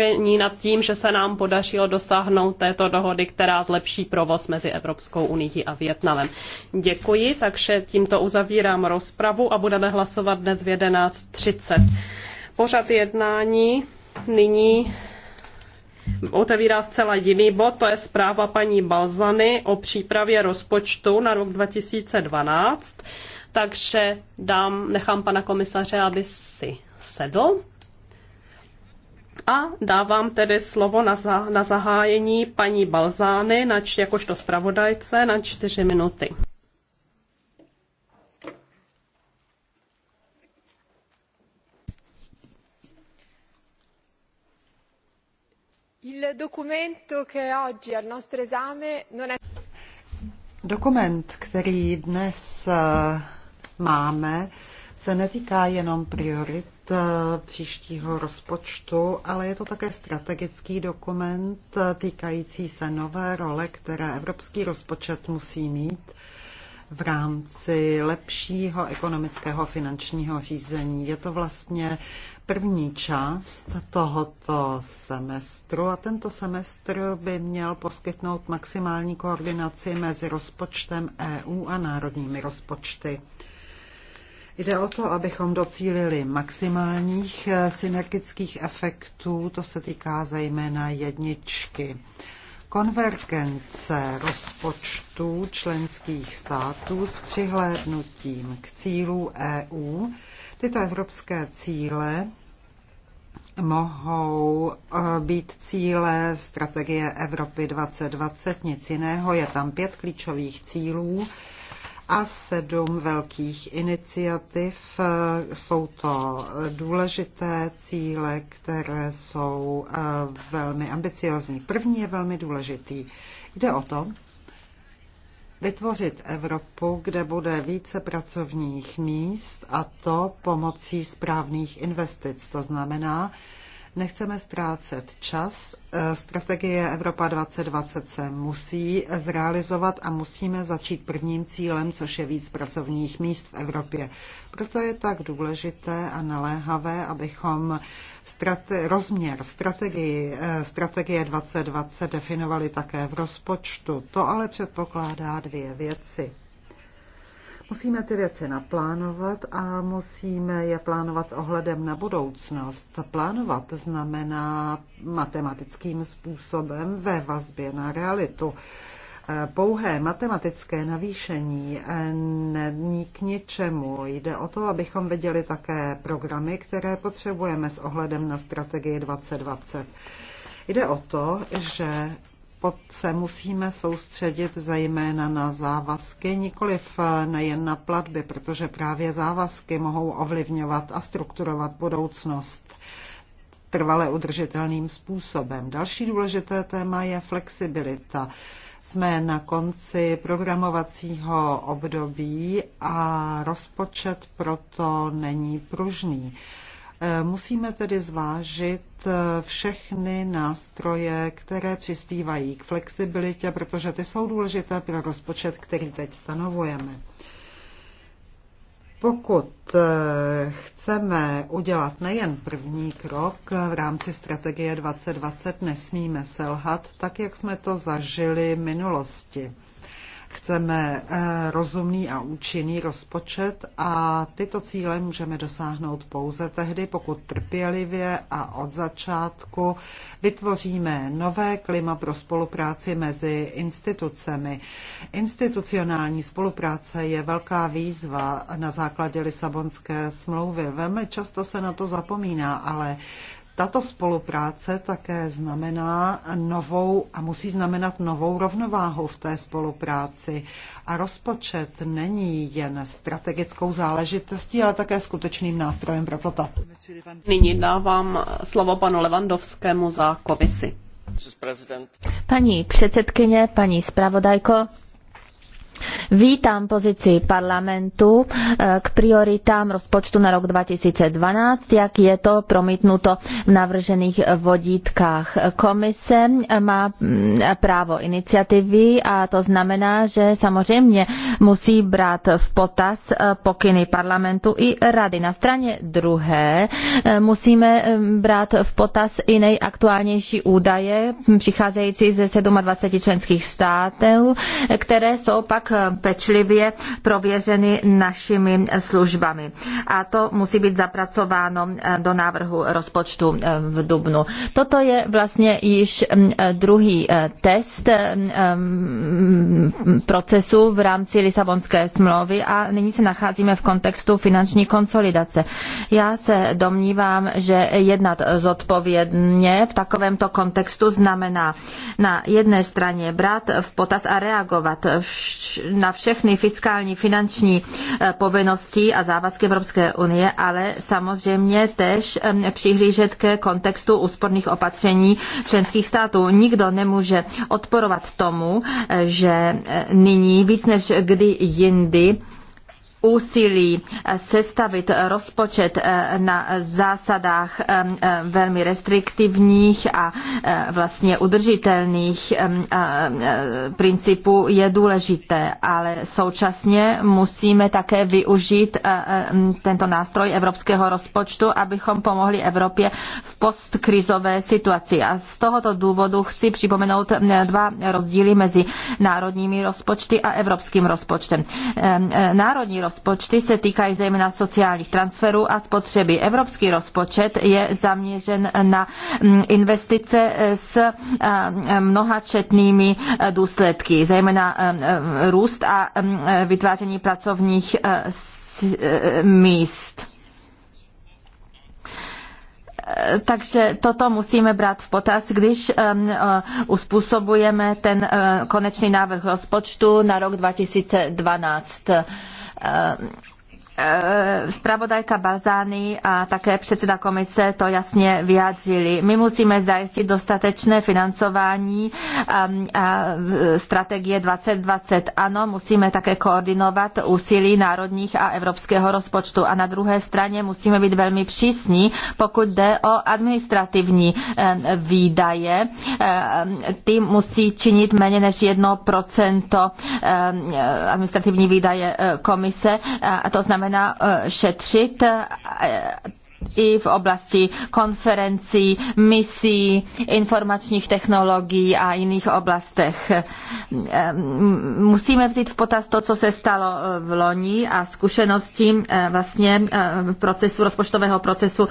spokojení nad tím, že se nám podařilo dosáhnout této dohody, která zlepší provoz mezi Evropskou unii a Vietnamem. Děkuji, takže tímto uzavírám rozpravu a budeme hlasovat dnes v 11.30. Pořad jednání nyní otevírá zcela jiný bod, to je zpráva paní Balzany o přípravě rozpočtu na rok 2012. Takže dám, nechám pana komisaře, aby si sedl. A dávám tedy slovo na, za, na zahájení paní Balzány, nač, jakožto zpravodajce, na čtyři minuty. Il documento che oggi al nostro esame non è... Dokument, který dnes eh, máme, se netýká jenom priorit Eh, příštího rozpočtu, ale je to také strategický dokument eh, týkající se nové role, které evropský rozpočet musí mít v rámci lepšího ekonomického finančního řízení. Je to vlastně první část tohoto semestru a tento semestr by měl poskytnout maximální koordinaci mezi rozpočtem EU a národními rozpočty. Jde o to, abychom docílili maximálních eh, synergických efektů, to se týká zejména jedničky. Konvergence rozpočtů členských států s přihlédnutím k cílů EU. Tyto evropské cíle mohou eh, být cíle strategie Evropy 2020, nic jiného. Je tam pět klíčových cílů a sedm velkých iniciativ. Jsou to důležité cíle, které jsou eh, velmi ambiciozní. První je velmi důležitý. Jde o to, vytvořit Evropu, kde bude více pracovních míst a to pomocí správných investic. To znamená, Nechceme ztrácet čas. Eh, strategie Evropa 2020 se musí zrealizovat a musíme začít prvním cílem, což je víc pracovních míst v Evropě. Proto je tak důležité a naléhavé, abychom strate- rozměr strategii, eh, strategie 2020 definovali také v rozpočtu. To ale předpokládá dvě věci. Musíme ty věci naplánovat a musíme je plánovat s ohledem na budoucnost. Plánovat znamená matematickým způsobem ve vazbě na realitu. Pouhé matematické navýšení není k ničemu. Jde o to, abychom viděli také programy, které potřebujeme s ohledem na strategii 2020. Jde o to, že pod se musíme soustředit zejména na závazky, nikoliv eh, nejen na platby, protože právě závazky mohou ovlivňovat a strukturovat budoucnost trvale udržitelným způsobem. Další důležité téma je flexibilita. Jsme na konci programovacího období a rozpočet proto není pružný. Eh, musíme tedy zvážit eh, všechny nástroje, které přispívají k flexibilitě, protože ty jsou důležité pro rozpočet, který teď stanovujeme. Pokud eh, chceme udělat nejen první krok v rámci strategie 2020, nesmíme selhat, tak jak jsme to zažili v minulosti. Chceme eh, rozumný a účinný rozpočet a tyto cíle můžeme dosáhnout pouze tehdy, pokud trpělivě a od začátku vytvoříme nové klima pro spolupráci mezi institucemi. Institucionální spolupráce je velká výzva na základě Lisabonské smlouvy. Velmi často se na to zapomíná, ale tato spolupráce také znamená novou a musí znamenat novou rovnováhu v té spolupráci. A rozpočet není jen strategickou záležitostí, ale také skutečným nástrojem pro toto. Nyní dávám slovo panu Levandovskému za komisi. Paní předsedkyně, paní zpravodajko, Vítám pozici parlamentu eh, k prioritám rozpočtu na rok 2012, jak je to promítnuto v navržených vodítkách. Komise má mm, právo iniciativy a to znamená, že samozřejmě musí brát v potaz eh, pokyny parlamentu i rady. Na straně druhé eh, musíme mm, brát v potaz i nejaktuálnější údaje přicházející ze 27 členských států, které jsou pak tak pečlivě prověřeny našimi službami. A to musí být zapracováno eh, do návrhu rozpočtu eh, v Dubnu. Toto je vlastně již mm, druhý eh, test mm, mm, procesu v rámci Lisabonské smlouvy a nyní se nacházíme v kontextu finanční konsolidace. Já se domnívám, že jednat zodpovědně v takovémto kontextu znamená na jedné straně brát v potaz a reagovat na všechny fiskální finanční eh, povinnosti a závazky Evropské unie, ale samozřejmě též přihlížet ke kontextu úsporných opatření členských států. Nikdo nemůže odporovat tomu, eh, že eh, nyní víc než kdy jindy úsilí eh, sestavit eh, rozpočet eh, na zásadách velmi restriktivních a vlastně udržitelných principů je důležité, ale současně musíme také využít tento nástroj evropského rozpočtu, abychom pomohli Evropě v postkrizové situaci. A z tohoto důvodu chci připomenout dva rozdíly mezi národními rozpočty a evropským rozpočtem. Národní rozpočty rozpočty se týkají zejména sociálních transferů a spotřeby. Evropský rozpočet je zaměřen na mm, investice s eh, eh, mnohačetnými eh, důsledky, zejména růst a mm, vytváření pracovních míst. Takže toto musíme brát v potaz, když uspůsobujeme ten konečný návrh rozpočtu na rok 2012 uh, Eh, spravodajka Balzány a také předseda komise to jasně vyjádřili. My musíme zajistit dostatečné financování ehm, strategie 2020. Ano, musíme také koordinovat úsilí národních a evropského rozpočtu. A na druhé straně musíme být velmi přísní, pokud jde o administrativní ehm, výdaje. Ehm, ty musí činit méně než 1% administrativní výdaje eh, komise. A to znamená, znamená eh, šetřit eh, i v oblasti konferencí, misí, informačních technologií a jiných oblastech. Musíme vzít v potaz to, co se stalo e, v loni a zkušenosti e, vlastně e, procesu, rozpočtového procesu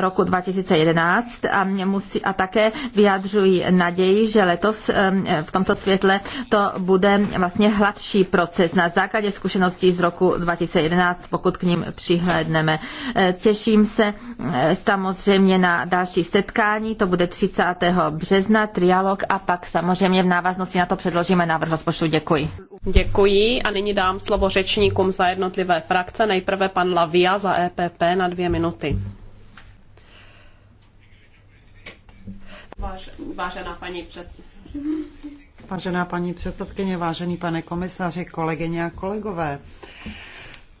roku 2011 a, a také vyjadřují naději, že letos v tomto světle to bude vlastně hladší proces na základě zkušeností z roku 2011, pokud k ním přihlédneme. Těším se samozřejmě na další setkání, to bude 30. března, trialog a pak samozřejmě v návaznosti na to předložíme návrh rozpočtu. Děkuji. Děkuji a nyní dám slovo řečníkům za jednotlivé frakce. Nejprve pan Lavia za EPP na dvě minuty. Vážená paní předsedkyně. Vážená paní předsedkyně, vážený pane komisaři, kolegyně a kolegové.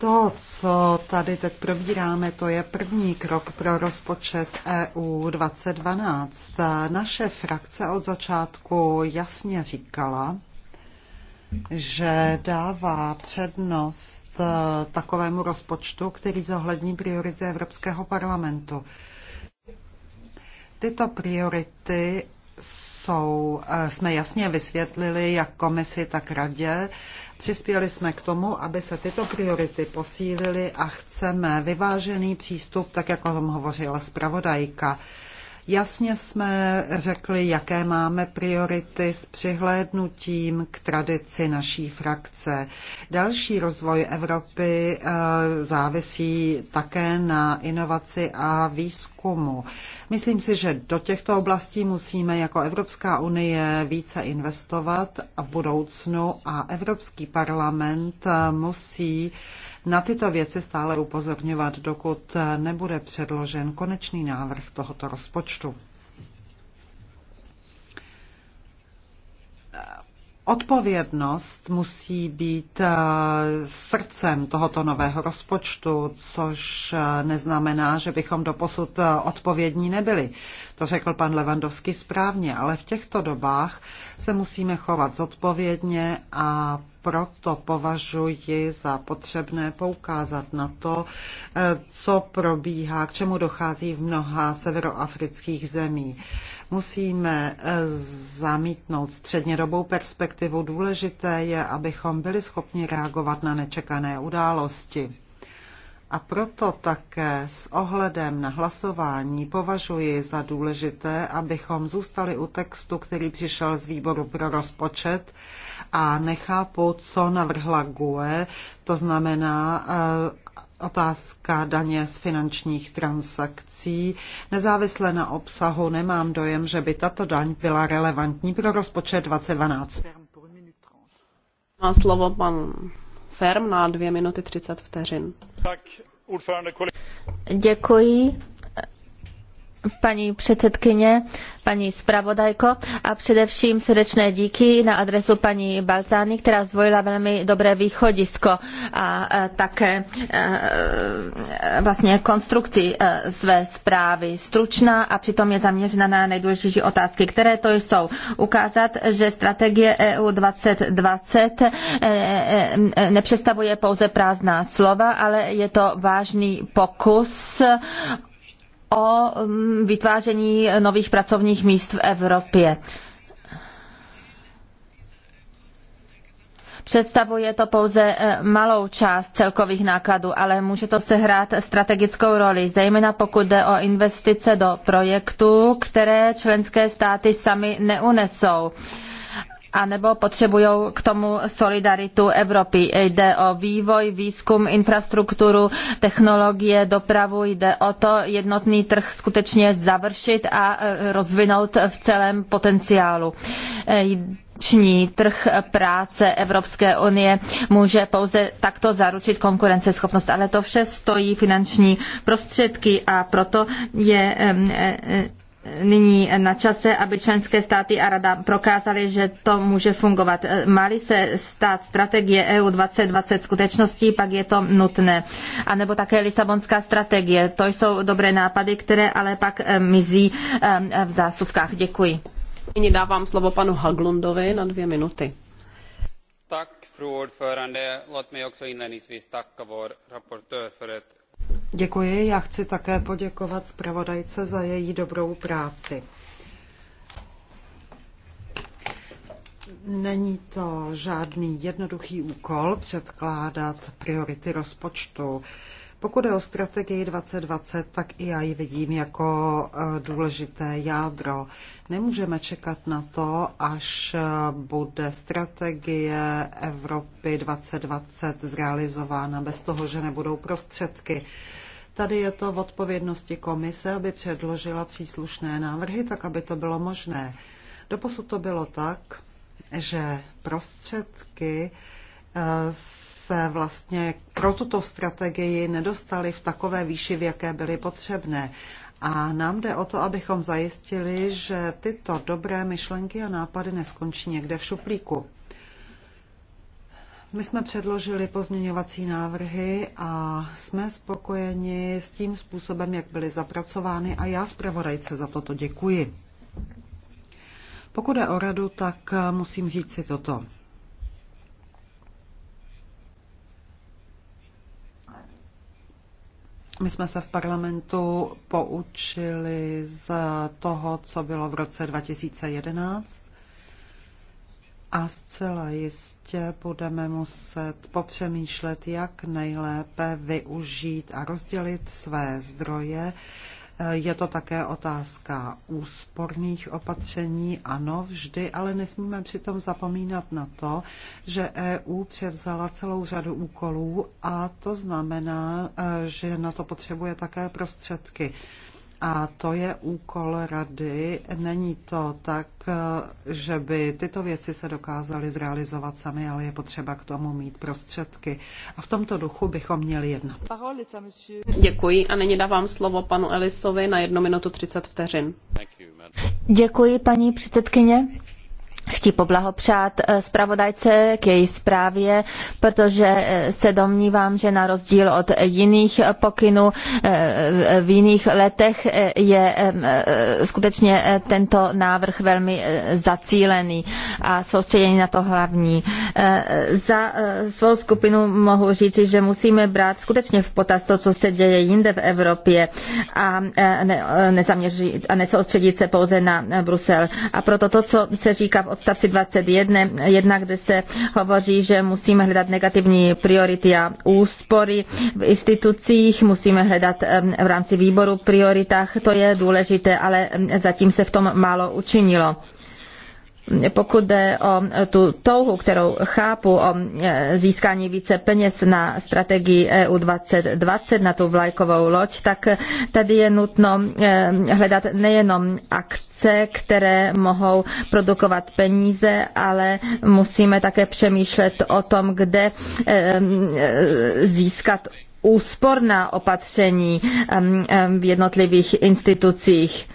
To, co tady teď probíráme, to je první krok pro rozpočet EU 2012. Naše frakce od začátku jasně říkala, že dává přednost eh, takovému rozpočtu, který zohlední priority Evropského parlamentu. Tyto priority jsou, eh, jsme jasně vysvětlili jak komisi, tak radě Přispěli jsme k tomu, aby se tyto priority posílily a chceme vyvážený přístup, tak jak o tom hovořila zpravodajka. Jasně jsme řekli, jaké máme priority s přihlédnutím k tradici naší frakce. Další rozvoj Evropy eh, závisí také na inovaci a výzkumu. Myslím si, že do těchto oblastí musíme jako Evropská unie více investovat v budoucnu a Evropský parlament eh, musí uh, na tyto věci stále upozorňovat, dokud nebude předložen konečný návrh tohoto rozpočtu. Odpovědnost musí být eh, srdcem tohoto nového rozpočtu, což eh, neznamená, že bychom doposud eh, odpovědní nebyli. To řekl pan Levandovský správně, ale v těchto dobách se musíme chovat zodpovědně a proto považuji za potřebné poukázat na to, eh, co probíhá, k čemu dochází v mnoha severoafrických zemí. Musíme eh, zamítnout střednědobou perspektivu. Důležité je, abychom byli schopni reagovat na nečekané události. A proto také s ohledem na hlasování považuji za důležité, abychom zůstali u textu, který přišel z výboru pro rozpočet a nechápu, co navrhla GUE, to znamená eh, otázka daně z finančních transakcí. Nezávisle na obsahu nemám dojem, že by tato daň byla relevantní pro rozpočet 2012. Má slovo pan Ferm na dvě minuty 30 vteřin. Děkuji, paní předsedkyně, paní zpravodajko a především srdečné díky na adresu paní Balzány, která zvolila velmi dobré východisko a e, také e, e, vlastně konstrukci své zprávy. Stručná a přitom je zaměřena na nejdůležitější otázky, které to jsou. Ukázat, že strategie EU 2020 nepředstavuje pouze prázdná slova, ale je to vážný pokus o mm, vytváření nových pracovních míst v Evropě. Představuje to pouze e, malou část celkových nákladů, ale může to sehrát strategickou roli, zejména pokud jde o investice do projektů, které členské státy sami neunesou anebo potřebují k tomu solidaritu Evropy. Jde o vývoj, výzkum, infrastrukturu, technologie, dopravu, jde o to jednotný trh skutečně završit a e, rozvinout v celém potenciálu vnitřní trh práce Evropské unie může pouze takto zaručit konkurenceschopnost. Ale to vše stojí finanční prostředky a proto je e, e, nyní na čase, aby členské státy a rada prokázaly, že to může fungovat. Máli se stát strategie EU 2020 skutečností, pak je to nutné. A nebo také Lisabonská strategie. To jsou dobré nápady, které ale pak eh, mizí eh, v zásuvkách. Děkuji. Nyní dávám slovo panu Haglundovi na dvě minuty. Tak, fru ordförande, låt mig också inledningsvis tacka vår rapportör för ett Děkuji, já chci také poděkovat zpravodajce za její dobrou práci. Není to žádný jednoduchý úkol předkládat priority rozpočtu. Pokud je o strategii 2020, tak i já ji vidím jako e, důležité jádro. Nemůžeme čekat na to, až e, bude strategie Evropy 2020 zrealizována bez toho, že nebudou prostředky. Tady je to v odpovědnosti komise, aby předložila příslušné návrhy, tak aby to bylo možné. Doposud to bylo tak, že prostředky e, se vlastně pro tuto strategii nedostaly v takové výši, v jaké byly potřebné. A nám jde o to, abychom zajistili, že tyto dobré myšlenky a nápady neskončí někde v šuplíku. My jsme předložili pozměňovací návrhy a jsme spokojeni s tím způsobem, jak byly zapracovány a já zpravodajce za toto děkuji. Pokud je o radu, tak musím říct si toto. My jsme se v parlamentu poučili z toho, co bylo v roce 2011 a zcela jistě budeme muset popřemýšlet, jak nejlépe využít a rozdělit své zdroje je to také otázka úsporných opatření, ano, vždy, ale nesmíme přitom zapomínat na to, že EU převzala celou řadu úkolů a to znamená, eh, že na to potřebuje také prostředky. A to je úkol rady. Není to tak, že by tyto věci se dokázaly zrealizovat sami, ale je potřeba k tomu mít prostředky. A v tomto duchu bychom měli jednat. Děkuji a nyní dávám slovo panu Elisovi na 1 minutu 30 vteřin. Děkuji, paní předsedkyně chci poblahopřát eh, zpravodajce k její zprávě, protože eh, se domnívám, že na rozdíl od jiných pokynů eh, v jiných letech je skutečně tento návrh velmi zacílený a soustředěný na to hlavní. Za svou skupinu mohu říci, že musíme brát skutečně v potaz to, co se děje jinde v Evropě a, ne, nezaměřit, a nesoustředit se pouze na Brusel. A proto to, co se říká v odstavci 21, jedna, kde se hovoří, že musíme hledat negativní priority a úspory v institucích, musíme hledat v rámci výboru prioritách, to je důležité, ale zatím se v tom málo učinilo pokud jde o tu touhu, kterou chápu o e, získání více peněz na strategii EU 2020, na tu vlajkovou loď, tak tady je nutno e, hledat nejenom akce, které mohou produkovat peníze, ale musíme také přemýšlet o tom, kde e, získat úsporná opatření v jednotlivých institucích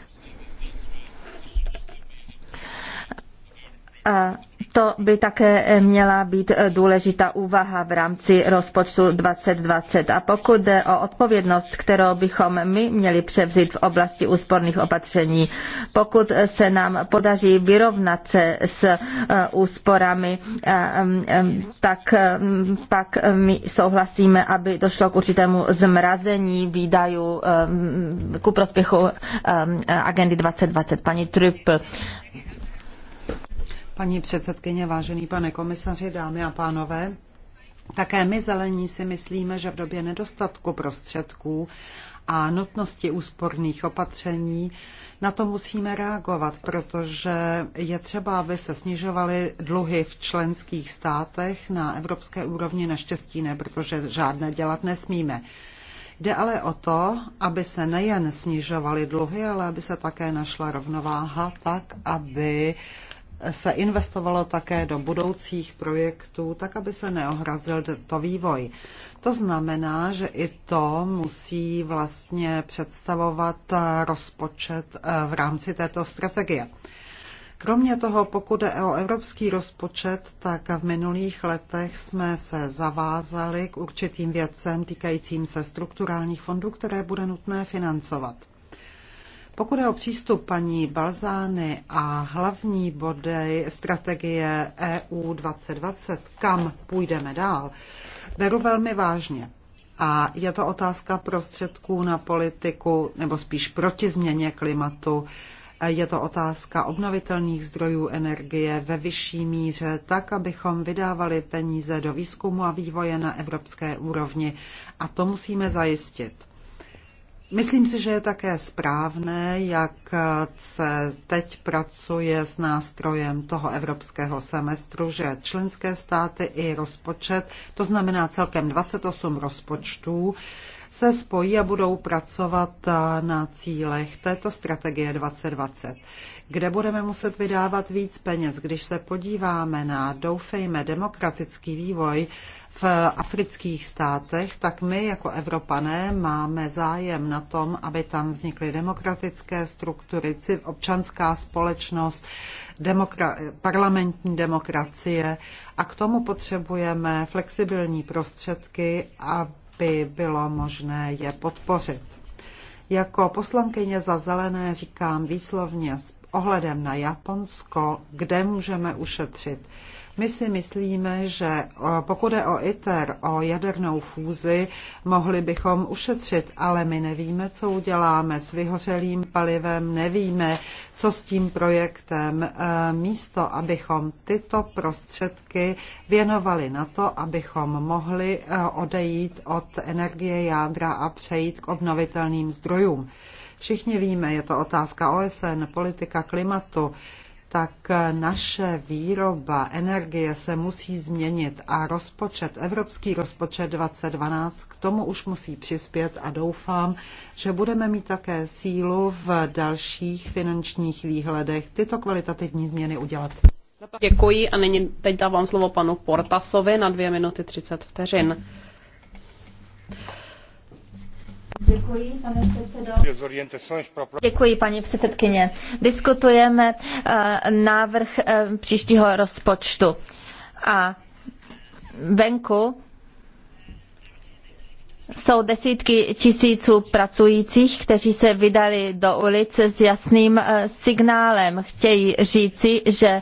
to by také měla být důležitá úvaha v rámci rozpočtu 2020. A pokud jde o odpovědnost, kterou bychom my měli převzít v oblasti úsporných opatření, pokud se nám podaří vyrovnat se s eh, úsporami, eh, tak mm, pak my souhlasíme, aby došlo k určitému zmrazení výdajů eh, ku prospěchu agendy 2020. Paní Trüppel, Paní předsedkyně, vážený pane komisaři, dámy a pánové, také my zelení si myslíme, že v době nedostatku prostředků a nutnosti úsporných opatření na to musíme reagovat, protože je třeba, aby se snižovaly dluhy v členských státech na evropské úrovni, naštěstí ne, protože žádné dělat nesmíme. Jde ale o to, aby se nejen snižovaly dluhy, ale aby se také našla rovnováha tak, aby se investovalo také do budoucích projektů, tak aby se neohrazil to vývoj. To znamená, že i to musí vlastně představovat rozpočet eh, v rámci této strategie. Kromě toho, pokud je o evropský rozpočet, tak v minulých letech jsme se zavázali k určitým věcem týkajícím se strukturálních fondů, které bude nutné financovat. Pokud je o přístup paní Balzány a hlavní body strategie EU 2020, kam půjdeme dál, beru velmi vážně. A je to otázka prostředků na politiku, nebo spíš proti změně klimatu. Je to otázka obnovitelných zdrojů energie ve vyšší míře, tak, abychom vydávali peníze do výzkumu a vývoje na evropské úrovni. A to musíme zajistit. Myslím si, že je také správné, jak se teď pracuje s nástrojem toho evropského semestru, že členské státy i rozpočet, to znamená celkem 28 rozpočtů, se spojí a budou pracovat na cílech této strategie 2020, kde budeme muset vydávat víc peněz. Když se podíváme na, doufejme, demokratický vývoj v afrických státech, tak my jako Evropané máme zájem na tom, aby tam vznikly demokratické struktury, občanská společnost, demokra- parlamentní demokracie a k tomu potřebujeme flexibilní prostředky, aby bylo možné je podpořit. Jako poslankyně za zelené říkám výslovně s ohledem na Japonsko, kde můžeme ušetřit. My si myslíme, že pokud je o ITER, o jadernou fúzi, mohli bychom ušetřit, ale my nevíme, co uděláme s vyhořelým palivem, nevíme, co s tím projektem. E, místo, abychom tyto prostředky věnovali na to, abychom mohli e, odejít od energie jádra a přejít k obnovitelným zdrojům. Všichni víme, je to otázka OSN, politika klimatu tak naše výroba energie se musí změnit a rozpočet, evropský rozpočet 2012 k tomu už musí přispět a doufám, že budeme mít také sílu v dalších finančních výhledech tyto kvalitativní změny udělat. Děkuji a nyní teď dávám slovo panu Portasovi na dvě minuty 30 vteřin. Děkuji, pane předsedo. Děkuji, paní předsedkyně. Diskutujeme eh, návrh eh, příštího rozpočtu. A venku jsou desítky tisíců pracujících, kteří se vydali do ulic s jasným eh, signálem. Chtějí říci, že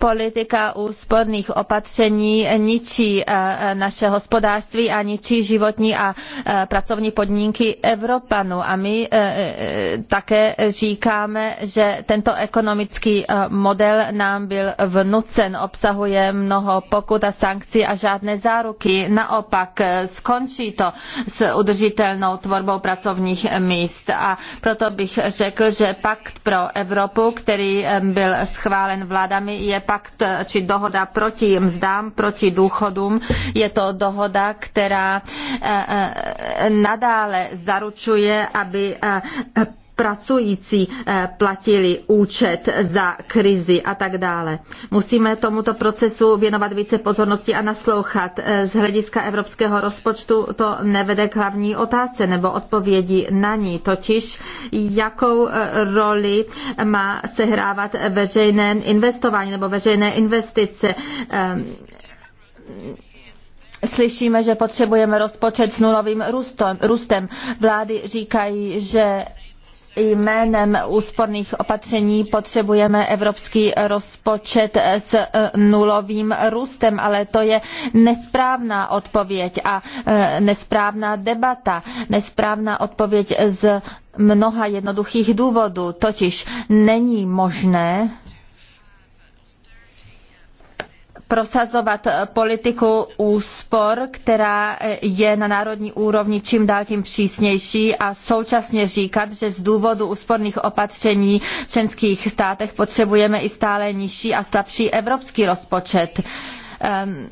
politika úsporných opatření ničí eh, naše hospodářství a ničí životní a eh, pracovní podmínky Evropanů. A my eh, také říkáme, že tento ekonomický model nám byl vnucen, obsahuje mnoho pokut a sankcí a žádné záruky. Naopak skončí to s udržitelnou tvorbou pracovních míst. A proto bych řekl, že pakt pro Evropu, který byl schválen vládami, je pakt či dohoda proti mzdám, proti důchodům. Je to dohoda, která eh, eh, nadále zaručuje, aby eh, pracující eh, platili účet za krizi a tak dále. Musíme tomuto procesu věnovat více pozornosti a naslouchat. Eh, z hlediska evropského rozpočtu to nevede k hlavní otázce nebo odpovědi na ní, totiž jakou eh, roli má sehrávat veřejné investování nebo veřejné investice slyšíme, že potřebujeme rozpočet s nulovým růstem. Vlády říkají, že jménem úsporných opatření potřebujeme evropský rozpočet s eh, nulovým růstem, ale to je nesprávná odpověď a eh, nesprávná debata, nesprávná odpověď z mnoha jednoduchých důvodů. Totiž není možné prosazovat eh, politiku úspor, která eh, je na národní úrovni čím dál tím přísnější a současně říkat, že z důvodu úsporných opatření v členských státech potřebujeme i stále nižší a slabší evropský rozpočet. Um,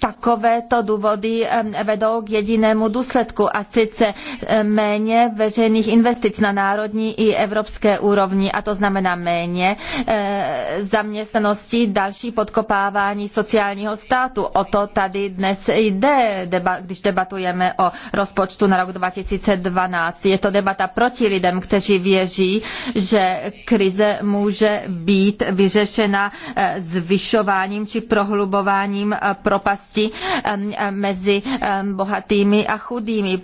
takovéto důvody vedou k jedinému důsledku a sice méně veřejných investic na národní i evropské úrovni a to znamená méně zaměstnanosti, další podkopávání sociálního státu. O to tady dnes jde, když debatujeme o rozpočtu na rok 2012. Je to debata proti lidem, kteří věří, že krize může být vyřešena eh, zvyšováním či prohlubováním pro propasti mezi bohatými a chudými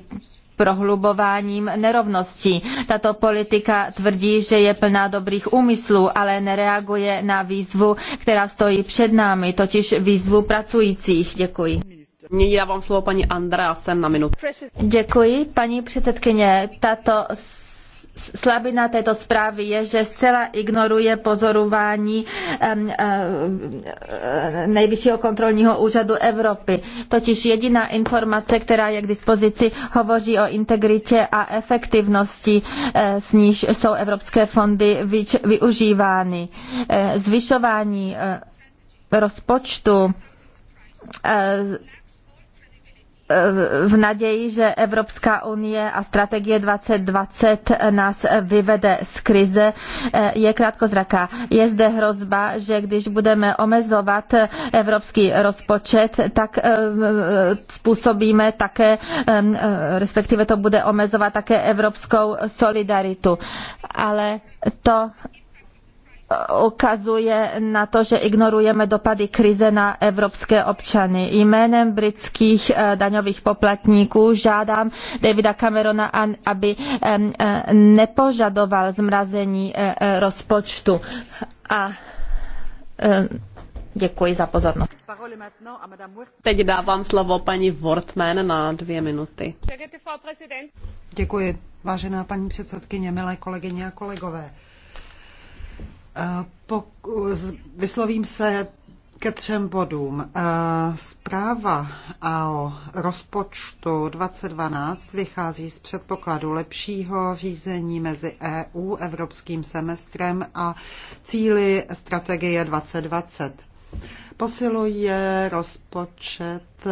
prohlubováním nerovností. Tato politika tvrdí, že je plná dobrých úmyslů, ale nereaguje na výzvu, která stojí před námi, totiž výzvu pracujících. Děkuji. Nyní dávám slovo paní Andreasen na minutu. Děkuji, paní předsedkyně. Tato slabina této zprávy je, že zcela ignoruje pozorování Nejvyššího kontrolního úřadu Evropy. Totiž jediná informace, která je k dispozici, hovoří o integritě a efektivnosti, eh, s níž jsou evropské fondy využívány. Eh, zvyšování eh, rozpočtu v naději, že Evropská unie a strategie 2020 nás vyvede z krize, eh, je krátkozraká. Je zde hrozba, že když budeme omezovat evropský rozpočet, tak eh, způsobíme také, eh, respektive to bude omezovat také evropskou solidaritu. Ale to ukazuje na to, že ignorujeme dopady krize na evropské občany. Jménem britských eh, daňových poplatníků žádám Davida Camerona, aby eh, nepožadoval zmrazení eh, rozpočtu. A děkuji za pozornost. Teď dávám slovo paní Wortmann na dvě minuty. Děkuji, vážená paní předsedkyně, milé kolegyně a kolegové. Vyslovím se ke třem bodům. Eh, zpráva o rozpočtu 2012 vychází z předpokladu lepšího řízení mezi EU, evropským semestrem a cíly strategie 2020. Posiluje rozpočet eh,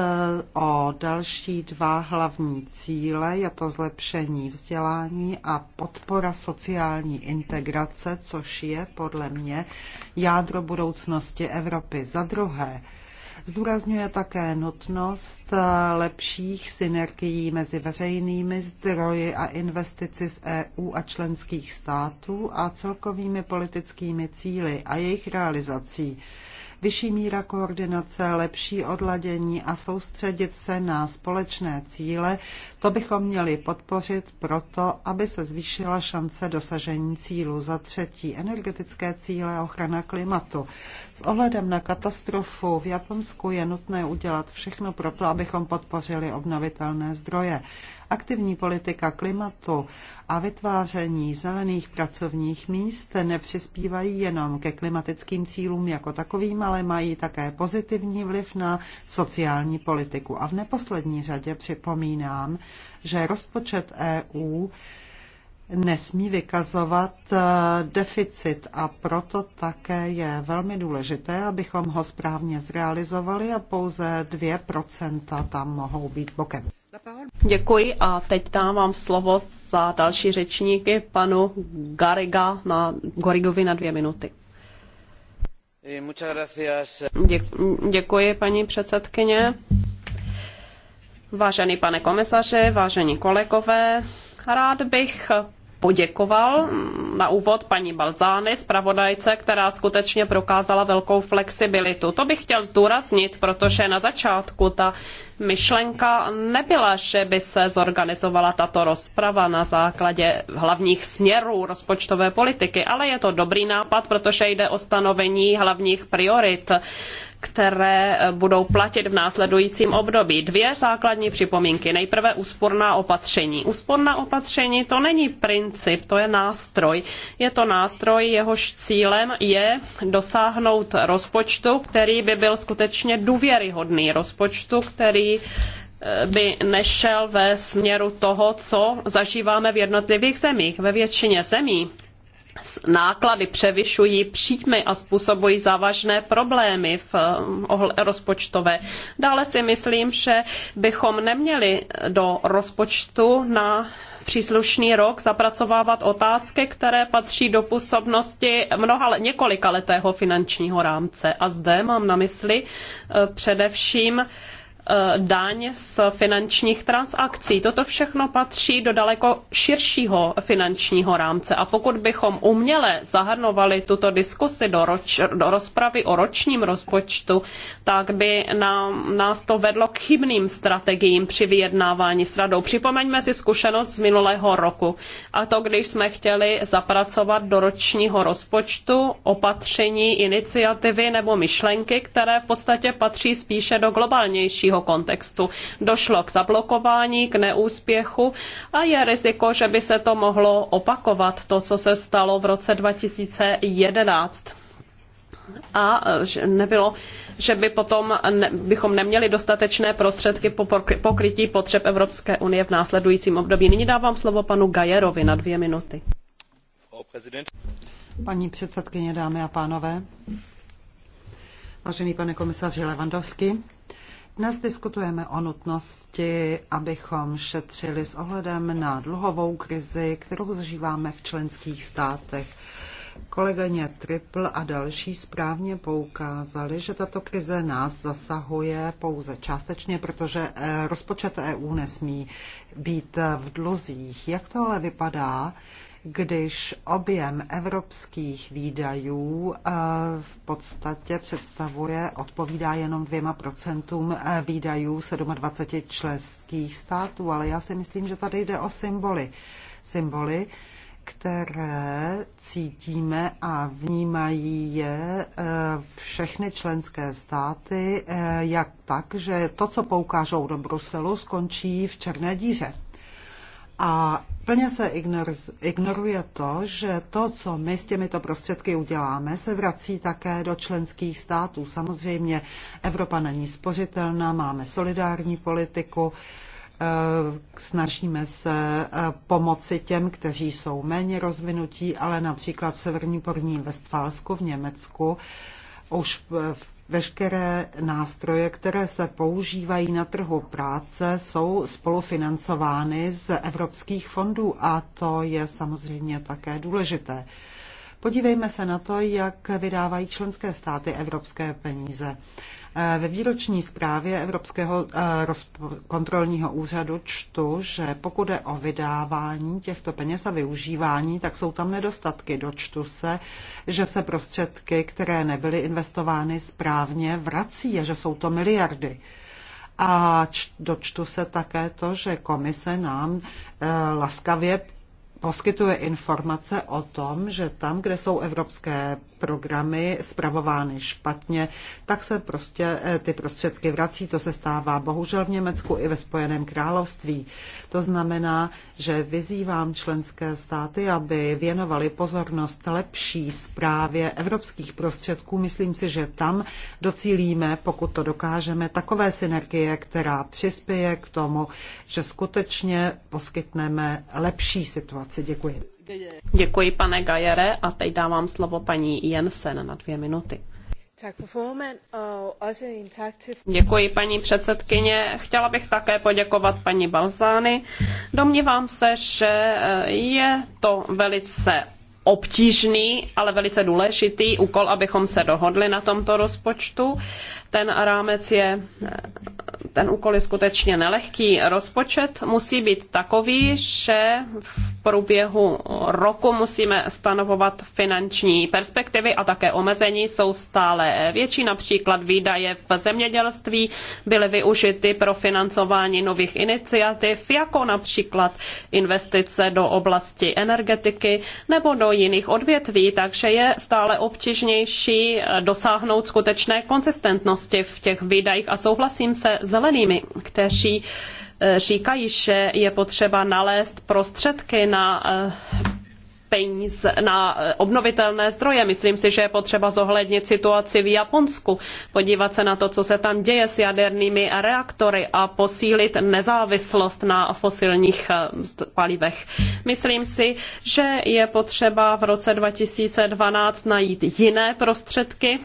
o další dva hlavní cíle, je to zlepšení vzdělání a podpora sociální integrace, což je podle mě jádro budoucnosti Evropy. Za druhé, Zdůrazňuje také nutnost eh, lepších synergií mezi veřejnými zdroji a investici z EU a členských států a celkovými politickými cíly a jejich realizací vyšší míra koordinace, lepší odladění a soustředit se na společné cíle, to bychom měli podpořit proto, aby se zvýšila šance dosažení cílu. Za třetí, energetické cíle ochrana klimatu. S ohledem na katastrofu v Japonsku je nutné udělat všechno proto, abychom podpořili obnovitelné zdroje aktivní politika klimatu a vytváření zelených pracovních míst nepřispívají jenom ke klimatickým cílům jako takovým, ale mají také pozitivní vliv na sociální politiku. A v neposlední řadě připomínám, že rozpočet EU nesmí vykazovat eh, deficit a proto také je velmi důležité, abychom ho správně zrealizovali a pouze 2% tam mohou být bokem. Děkuji a teď dávám slovo za další řečníky panu Gariga na, Gorigovi na dvě minuty. Eh, děkuji, paní předsedkyně. Vážený pane komisaři, vážení kolegové, rád bych poděkoval na úvod paní Balzány, zpravodajce, která skutečně prokázala velkou flexibilitu. To bych chtěl zdůraznit, protože na začátku ta myšlenka nebyla, že by se zorganizovala tato rozprava na základě hlavních směrů rozpočtové politiky, ale je to dobrý nápad, protože jde o stanovení hlavních priorit které eh, budou platit v následujícím období. Dvě základní připomínky. Nejprve úsporná opatření. Úsporná opatření to není princip, to je nástroj. Je to nástroj, jehož cílem je dosáhnout rozpočtu, který by byl skutečně důvěryhodný. Rozpočtu, který eh, by nešel ve směru toho, co zažíváme v jednotlivých zemích. Ve většině zemí náklady převyšují příjmy a způsobují závažné problémy v eh, rozpočtové. Dále si myslím, že bychom neměli do rozpočtu na příslušný rok zapracovávat otázky, které patří do působnosti mnoha několika letého finančního rámce. A zde mám na mysli eh, především Eh, daň z finančních transakcí. Toto všechno patří do daleko širšího finančního rámce a pokud bychom uměle zahrnovali tuto diskusi do, roč, do rozpravy o ročním rozpočtu, tak by nám, nás to vedlo k chybným strategiím při vyjednávání s radou. Připomeňme si zkušenost z minulého roku a to, když jsme chtěli zapracovat do ročního rozpočtu opatření, iniciativy nebo myšlenky, které v podstatě patří spíše do globálnějšího evropského kontextu. Došlo k zablokování, k neúspěchu a je riziko, že by se to mohlo opakovat, to, co se stalo v roce 2011 a že nebylo, že by potom ne, bychom neměli dostatečné prostředky po pokrytí potřeb Evropské unie v následujícím období. Nyní dávám slovo panu Gajerovi na dvě minuty. Paní předsedkyně, dámy a pánové, vážený pane komisaři Levandovský, dnes diskutujeme o nutnosti, abychom šetřili s ohledem na dluhovou krizi, kterou zažíváme v členských státech. Kolegyně Triple a další správně poukázali, že tato krize nás zasahuje pouze částečně, protože eh, rozpočet EU nesmí být v dluzích. Jak to ale vypadá, když objem evropských výdajů eh, v podstatě představuje, odpovídá jenom dvěma procentům eh, výdajů 27 členských států, ale já si myslím, že tady jde o symboly. Symboly, které cítíme a vnímají je eh, všechny členské státy jak tak, že to, co poukážou do Bruselu, skončí v černé díře. A plně se ignoruje to, že to, co my s těmito prostředky uděláme, se vrací také do členských států. Samozřejmě Evropa není spořitelná, máme solidární politiku, eh, snažíme se eh, pomoci těm, kteří jsou méně rozvinutí, ale například v severní Porní Westfálsku v Německu už v Veškeré nástroje, které se používají na trhu práce, jsou spolufinancovány z evropských fondů a to je samozřejmě také důležité. Podívejme se na to, jak vydávají členské státy evropské peníze. Eh, ve výroční zprávě Evropského eh, kontrolního úřadu čtu, že pokud je o vydávání těchto peněz a využívání, tak jsou tam nedostatky. Dočtu se, že se prostředky, které nebyly investovány správně, vrací a že jsou to miliardy. A dočtu se také to, že komise nám eh, laskavě poskytuje informace o tom, že tam, kde jsou evropské programy zpravovány špatně, tak se prostě eh, ty prostředky vrací. To se stává bohužel v Německu i ve Spojeném království. To znamená, že vyzývám členské státy, aby věnovali pozornost lepší zprávě evropských prostředků. Myslím si, že tam docílíme, pokud to dokážeme, takové synergie, která přispěje k tomu, že skutečně poskytneme lepší situaci. Děkuji. Děkuji, pane Gajere, a teď dávám slovo paní Jensen na dvě minuty. Děkuji, paní předsedkyně. Chtěla bych také poděkovat paní Balzány. Domnívám se, že eh, je to velice obtížný, ale velice důležitý úkol, abychom se dohodli na tomto rozpočtu. Ten rámec je, ten úkol je skutečně nelehký. Rozpočet musí být takový, že v průběhu roku musíme stanovovat finanční perspektivy a také omezení jsou stále větší. Například výdaje v zemědělství byly využity pro financování nových iniciativ, jako například investice do oblasti energetiky nebo do jiných odvětví, takže je stále obtížnější eh, dosáhnout skutečné konsistentnosti v těch výdajích. A souhlasím se zelenými, kteří eh, říkají, že je potřeba nalézt prostředky na eh, peníze na eh, obnovitelné zdroje. Myslím si, že je potřeba zohlednit situaci v Japonsku, podívat se na to, co se tam děje s jadernými reaktory a posílit nezávislost na fosilních eh, palivech. Myslím si, že je potřeba v roce 2012 najít jiné prostředky,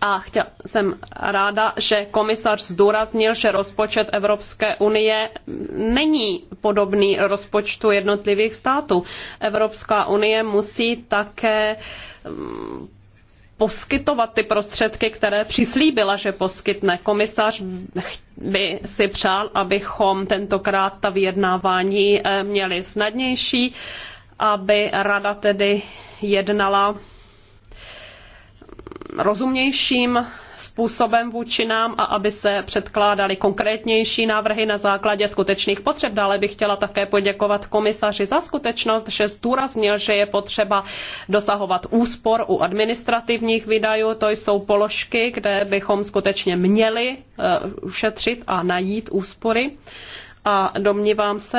a chtěl, jsem ráda, že komisař zdůraznil, že rozpočet Evropské unie není podobný rozpočtu jednotlivých států. Evropská unie musí také mm, poskytovat ty prostředky, které přislíbila, že poskytne. Komisař by si přál, abychom tentokrát ta vyjednávání eh, měli snadnější, aby rada tedy jednala rozumnějším způsobem vůči nám a aby se předkládaly konkrétnější návrhy na základě skutečných potřeb. Dále bych chtěla také poděkovat komisaři za skutečnost, že zdůraznil, že je potřeba dosahovat úspor u administrativních výdajů. To jsou položky, kde bychom skutečně měli eh, ušetřit a najít úspory. A domnívám se,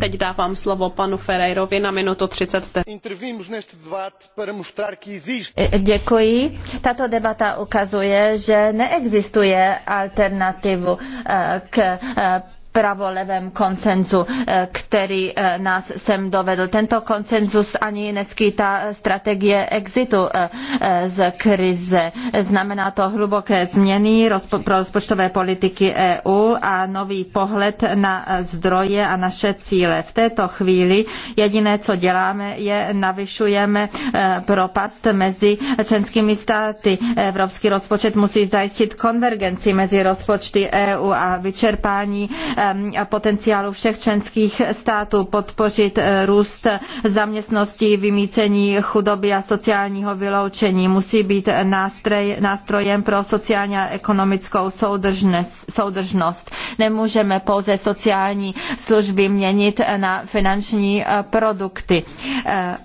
Teď dávám slovo panu Ferreirovi na minutu 30 vteřin. E, děkuji. Tato debata ukazuje, že neexistuje alternativu e, k e, pravolevém koncenzu, eh, který eh, nás sem dovedl. Tento koncenzus ani neskýtá eh, strategie exitu z krize. Znamená to hluboké změny pro rozpočtové politiky EU a nový pohled na zdroje a naše cíle. V této chvíli jediné, co děláme, je navyšujeme propast mezi členskými státy. Evropský rozpočet musí zajistit konvergenci mezi rozpočty EU a vyčerpání potenciálu všech členských států podpořit eh, růst zaměstnosti, vymícení chudoby a sociálního vyloučení. Musí být nástroj, nástrojem pro sociálně a ekonomickou soudržnost. Nemůžeme pouze sociální služby měnit na finanční eh, produkty eh,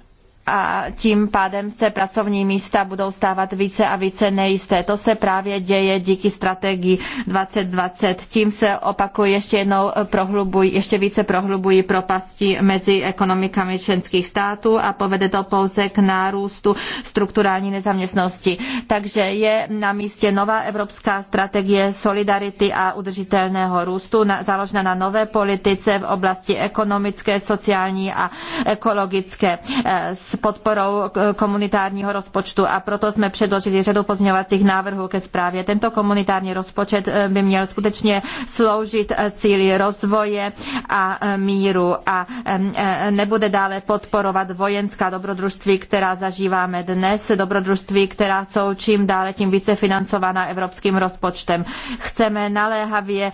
a tím pádem se pracovní místa budou stávat více a více nejisté. To se právě děje díky strategii 2020. Tím se opakuje ještě jednou prohlubují, ještě více prohlubují propasti mezi ekonomikami členských států a povede to pouze k nárůstu strukturální nezaměstnosti. Takže je na místě nová evropská strategie solidarity a udržitelného růstu na, založena na nové politice v oblasti ekonomické, sociální a ekologické. E, podporou komunitárního rozpočtu a proto jsme předložili řadu pozměňovacích návrhů ke zprávě. Tento komunitární rozpočet eh, by měl skutečně sloužit eh, cíli rozvoje a eh, míru a nebude dále podporovat vojenská dobrodružství, která zažíváme dnes, dobrodružství, která jsou čím dále tím více financována evropským rozpočtem. Chceme naléhavě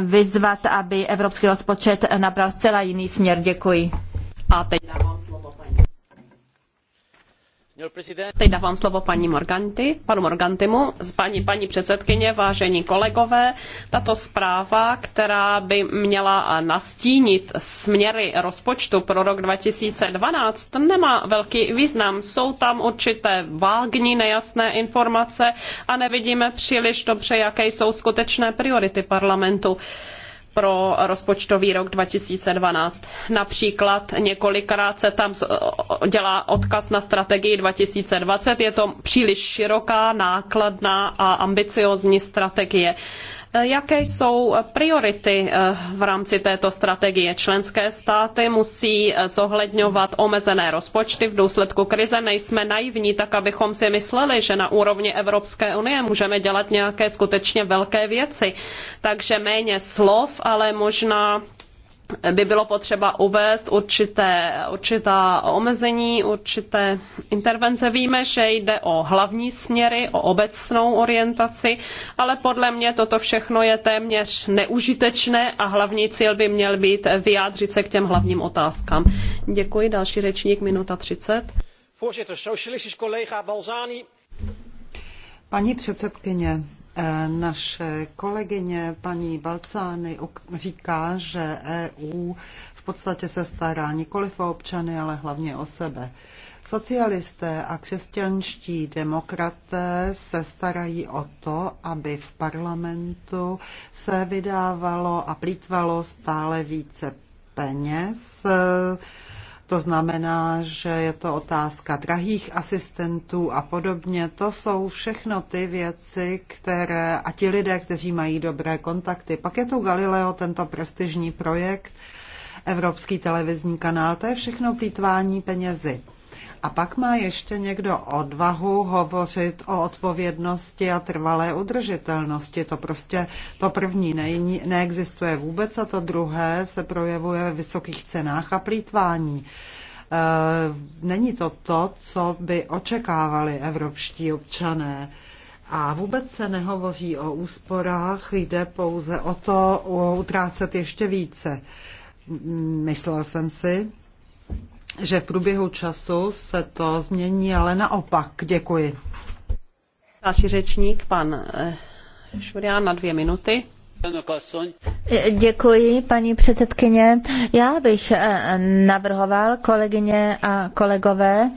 vyzvat, aby evropský rozpočet nabral zcela jiný směr. Děkuji. A teď dávám slovo. Teď dávám slovo paní Morganti, panu Morgantimu, paní, paní předsedkyně, vážení kolegové. Tato zpráva, která by měla nastínit směry rozpočtu pro rok 2012, nemá velký význam. Jsou tam určité vágní, nejasné informace a nevidíme příliš dobře, jaké jsou skutečné priority parlamentu pro rozpočtový rok 2012. Například několikrát se tam dělá odkaz na strategii 2020. Je to příliš široká, nákladná a ambiciózní strategie. Jaké jsou priority eh, v rámci této strategie? Členské státy musí eh, zohledňovat omezené rozpočty v důsledku krize. Nejsme naivní, tak abychom si mysleli, že na úrovni Evropské unie můžeme dělat nějaké skutečně velké věci. Takže méně slov, ale možná by bylo potřeba uvést určité, určitá omezení, určité intervence. Víme, že jde o hlavní směry, o obecnou orientaci, ale podle mě toto všechno je téměř neužitečné a hlavní cíl by měl být vyjádřit se k těm hlavním otázkám. Děkuji, další řečník, minuta 30. Voorzitter, socialistisch collega Balzani. Paní předsedkyně, Eh, naše kolegyně paní Balcány říká, že EU v podstatě se stará nikoliv o občany, ale hlavně o sebe. Socialisté a křesťanští demokraté se starají o to, aby v parlamentu se vydávalo a plítvalo stále více peněz to znamená, že je to otázka drahých asistentů a podobně. To jsou všechno ty věci, které a ti lidé, kteří mají dobré kontakty. Pak je tu Galileo, tento prestižní projekt, Evropský televizní kanál, to je všechno plítvání penězi. A pak má ještě někdo odvahu hovořit o odpovědnosti a trvalé udržitelnosti. To prostě to první ne, neexistuje vůbec a to druhé se projevuje ve vysokých cenách a plítvání. Eh, není to to, co by očekávali evropští občané. A vůbec se nehovoří o úsporách, jde pouze o to o utrácet ještě více. Myslel jsem si, že v průběhu času se to změní, ale naopak. Děkuji. Další řečník, pan eh, Šurián na dvě minuty. Děkuji, paní předsedkyně. Já bych eh, navrhoval, kolegyně a kolegové,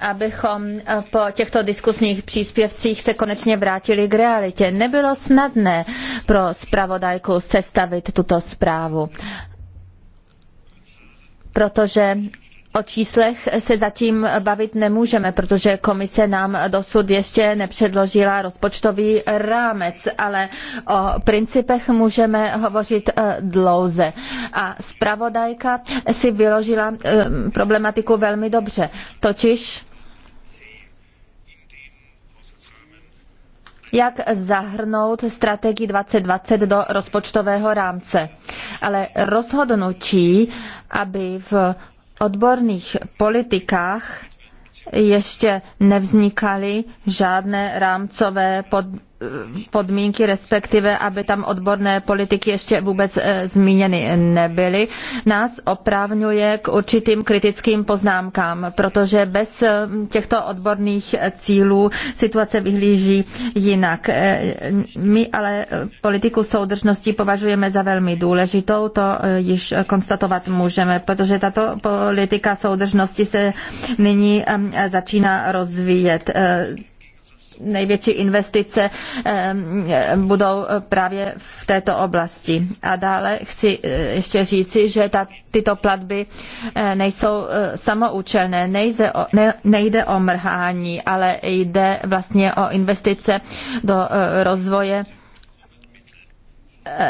abychom eh, po těchto diskusních příspěvcích se konečně vrátili k realitě. Nebylo snadné pro zpravodajku sestavit tuto zprávu protože O číslech se zatím bavit nemůžeme, protože komise nám dosud ještě nepředložila rozpočtový rámec, ale o principech můžeme hovořit eh, dlouze. A zpravodajka si vyložila eh, problematiku velmi dobře, totiž jak zahrnout strategii 2020 do rozpočtového rámce ale rozhodnutí, aby v odborných politikách ještě nevznikaly žádné rámcové pod podmínky, respektive aby tam odborné politiky ještě vůbec eh, zmíněny nebyly, nás oprávňuje k určitým kritickým poznámkám, protože bez eh, těchto odborných cílů situace vyhlíží jinak. Eh, my ale politiku soudržnosti považujeme za velmi důležitou, to již konstatovat můžeme, protože tato politika soudržnosti se nyní začíná rozvíjet největší investice budou právě v této oblasti. A dále chci eh, ještě říci, že ta, tyto platby eh, nejsou eh, samoučelné, nejde o, ne, nejde o mrhání, ale jde vlastně o investice do rozvoje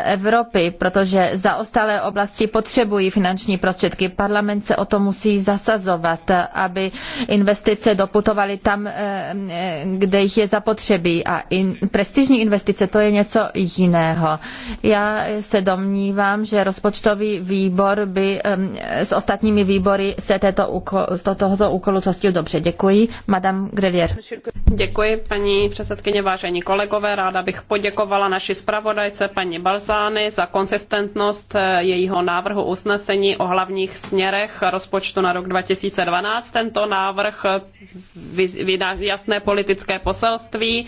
Evropy, protože zaostalé oblasti potřebují finanční prostředky. Parlament se o to musí zasazovat, aby investice doputovaly tam, eh, eh, kde jich je zapotřebí. A in, prestižní investice to je něco jiného. Já se domnívám, že rozpočtový výbor by s ostatními výbory se této úkol, z tohoto úkolu zhostil dobře. Děkuji. Madame Grevier. Děkuji, paní předsedkyně, vážení kolegové. Ráda bych poděkovala naší zpravodajce, paní Balzány za konsistentnost eh, jejího návrhu usnesení o hlavních směrech rozpočtu na rok 2012. Tento návrh eh, vydá jasné politické poselství,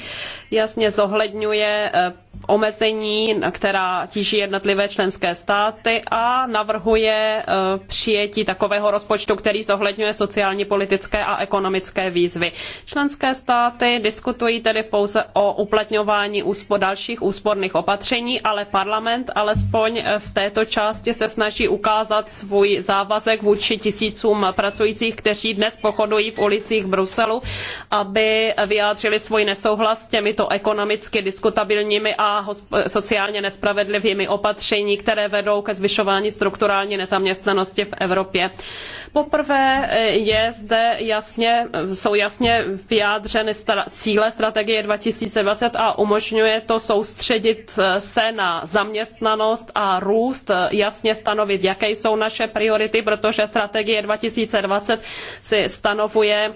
jasně zohledňuje eh, omezení, která tíží jednotlivé členské státy a navrhuje přijetí takového rozpočtu, který zohledňuje sociální, politické a ekonomické výzvy. Členské státy diskutují tedy pouze o uplatňování úspor, dalších úsporných opatření, ale parlament alespoň v této části se snaží ukázat svůj závazek vůči tisícům pracujících, kteří dnes pochodují v ulicích Bruselu, aby vyjádřili svůj nesouhlas s těmito ekonomicky diskutabilními a sociálně nespravedlivými opatření, které vedou ke zvyšování strukturální nezaměstnanosti v Evropě. Poprvé je zde jasně, jsou jasně vyjádřeny cíle strategie 2020 a umožňuje to soustředit se na zaměstnanost a růst, eh, jasně stanovit, jaké jsou naše priority, protože strategie 2020 si stanovuje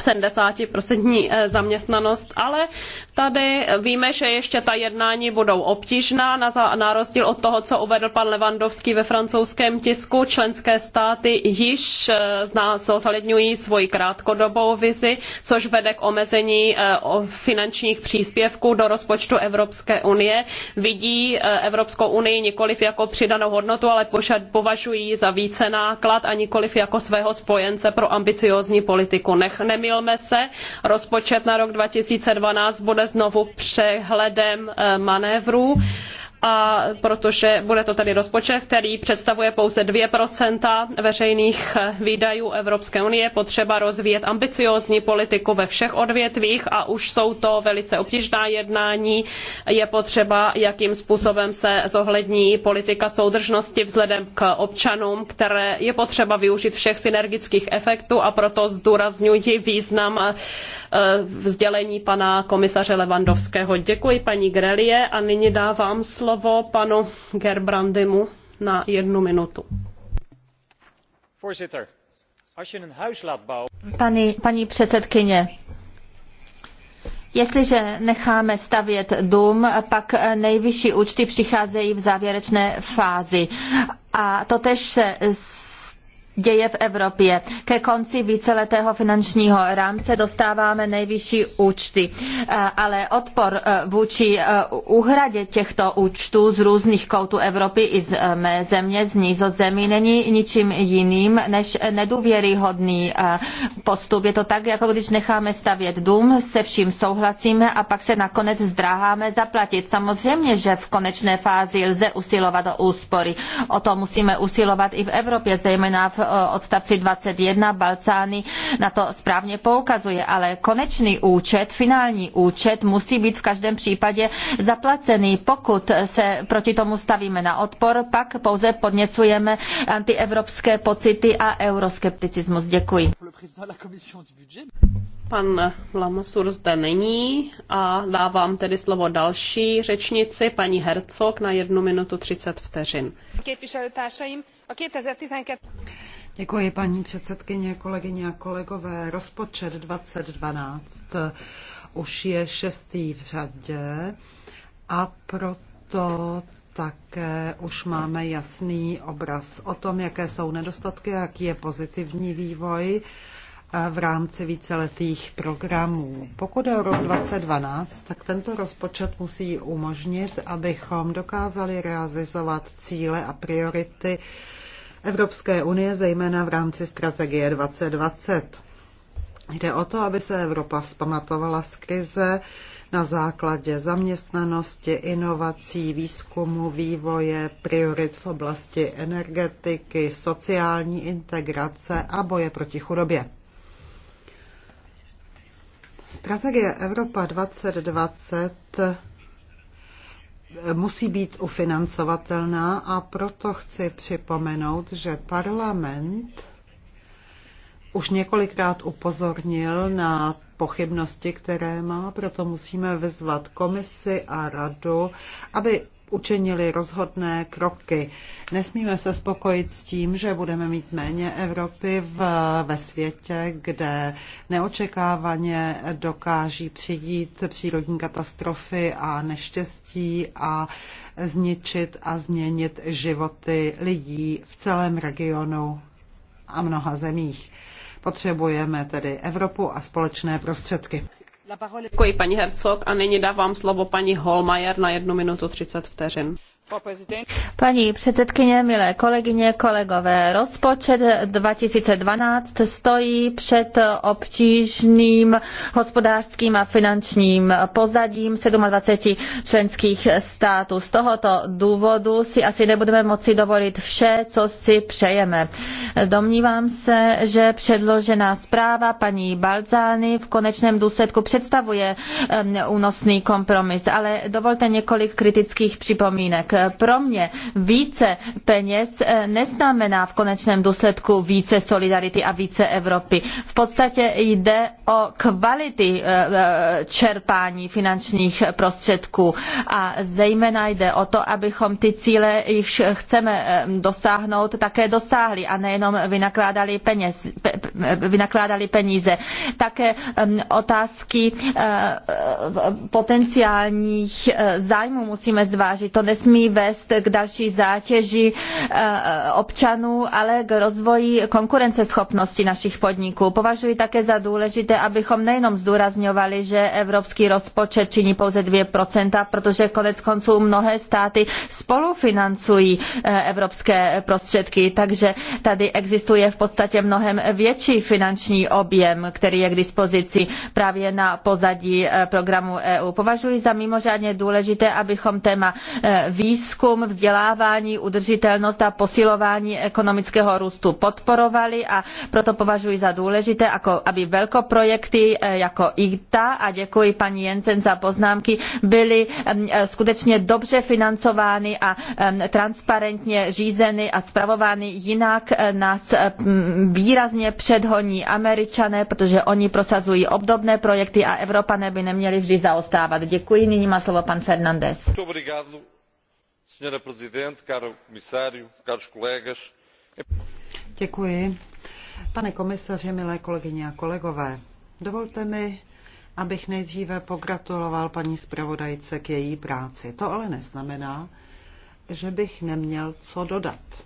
70% eh, zaměstnanost, ale Tady víme, že ještě ta jednání budou obtížná, na, na rozdíl od toho, co uvedl pan Levandovský ve francouzském tisku. Členské státy již eh, zohledňují svoji krátkodobou vizi, což vede k omezení eh, finančních příspěvků do rozpočtu Evropské unie. Vidí eh, Evropskou unii nikoliv jako přidanou hodnotu, ale považují ji za více náklad a nikoliv jako svého spojence pro ambiciózní politiku. Nech nemilme se, rozpočet na rok 2012 bude projdeme znovu přehledem eh, manévrů a protože bude to tedy rozpočet, který představuje pouze 2% veřejných výdajů Evropské unie, potřeba rozvíjet ambiciózní politiku ve všech odvětvích a už jsou to velice obtížná jednání. Je potřeba, jakým způsobem se zohlední politika soudržnosti vzhledem k občanům, které je potřeba využít všech synergických efektů a proto zdůrazňuji význam eh, vzdělení pana komisaře Levandovského. Děkuji paní Grelie a nyní dávám slovo slovo panu na jednu minutu. Pani, paní předsedkyně, Jestliže necháme stavět dům, pak nejvyšší účty přicházejí v závěrečné fázi. A totež se děje v Evropě. Ke konci víceletého finančního rámce dostáváme nejvyšší účty, eh, ale odpor eh, vůči eh, uhradě těchto účtů z různých koutů Evropy i z mé země, z nízozemí, není ničím jiným než nedůvěryhodný postup. Je to tak, jako když necháme stavět dům, se vším souhlasíme a pak se nakonec zdráháme zaplatit. Samozřejmě, že v konečné fázi lze usilovat o úspory. O to musíme usilovat i v Evropě, zejména v Eh, odstavci 21 Balcány na to správně poukazuje, ale konečný účet, finální účet musí být v každém případě zaplacený. Pokud se proti tomu stavíme na odpor, pak pouze podněcujeme antievropské pocity a euroskepticismus. Děkuji. Pan Lamasur zde není a dávám tedy slovo další řečnici, paní Hercog, na jednu minutu 30 vteřin. Děkuji, paní předsedkyně, kolegyně a kolegové. Rozpočet 2012 už je šestý v řadě a proto také už máme jasný obraz o tom, jaké jsou nedostatky a jaký je pozitivní vývoj v rámci víceletých programů. Pokud je o rok 2012, tak tento rozpočet musí umožnit, abychom dokázali realizovat cíle a priority Evropské unie, zejména v rámci strategie 2020. Jde o to, aby se Evropa zpamatovala z krize na základě zaměstnanosti, inovací, výzkumu, vývoje, priorit v oblasti energetiky, sociální integrace a boje proti chudobě. Strategie Evropa 2020 musí být ufinancovatelná a proto chci připomenout, že parlament už několikrát upozornil na pochybnosti, které má, proto musíme vyzvat komisi a radu, aby učinili rozhodné kroky. Nesmíme se spokojit s tím, že budeme mít méně Evropy v, ve světě, kde neočekávaně dokáží přijít přírodní katastrofy a neštěstí a zničit a změnit životy lidí v celém regionu a mnoha zemích. Potřebujeme tedy Evropu a společné prostředky. Děkuji paní Herzog a nyní dávám slovo paní Holmajer na jednu minutu 30 vteřin. Paní předsedkyně, milé kolegyně, kolegové, rozpočet 2012 stojí před obtížným hospodářským a finančním pozadím 27 členských států. Z tohoto důvodu si asi nebudeme moci dovolit vše, co si přejeme. Domnívám se, že předložená zpráva paní Balzány v konečném důsledku představuje um, únosný kompromis, ale dovolte několik kritických připomínek pro mě více peněz eh, neznamená v konečném důsledku více solidarity a více Evropy. V podstatě jde o kvality eh, eh, čerpání finančních prostředků a zejména jde o to, abychom ty cíle, jichž chceme dosáhnout, také dosáhli a nejenom vynakládali, peněz, vynakládali peníze. Také ehm, otázky potenciálních zájmů musíme zvážit. To nesmí vést k další zátěži eh, eh, občanů, ale k rozvoji konkurenceschopnosti našich podniků. Považuji také za důležité, abychom nejenom zdůrazňovali, že evropský rozpočet činí pouze 2%, protože konec konců mnohé státy spolufinancují eh, evropské prostředky, takže tady existuje v podstatě mnohem větší finanční objem, který je k dispozici právě na pozadí programu EU. Považuji za mimořádně důležité, abychom téma výzkum výzkum, vzdělávání, udržitelnost a posilování ekonomického růstu podporovali a proto považuji za důležité, jako, aby velkoprojekty eh, jako ITA a děkuji paní Jensen za poznámky, byly mm, eh, skutečně dobře financovány a mm, transparentně řízeny a spravovány, jinak eh, nás mm, výrazně předhoní američané, protože oni prosazují obdobné projekty a Evropané by neměli vždy zaostávat. Děkuji, nyní má slovo pan Fernandez. Pane presidente Pane komisaři, milé kolegyně a kolegové, dovolte mi, abych nejdříve pogratuloval paní zpravodajce k její práci. To ale neznamená, že bych neměl co dodat.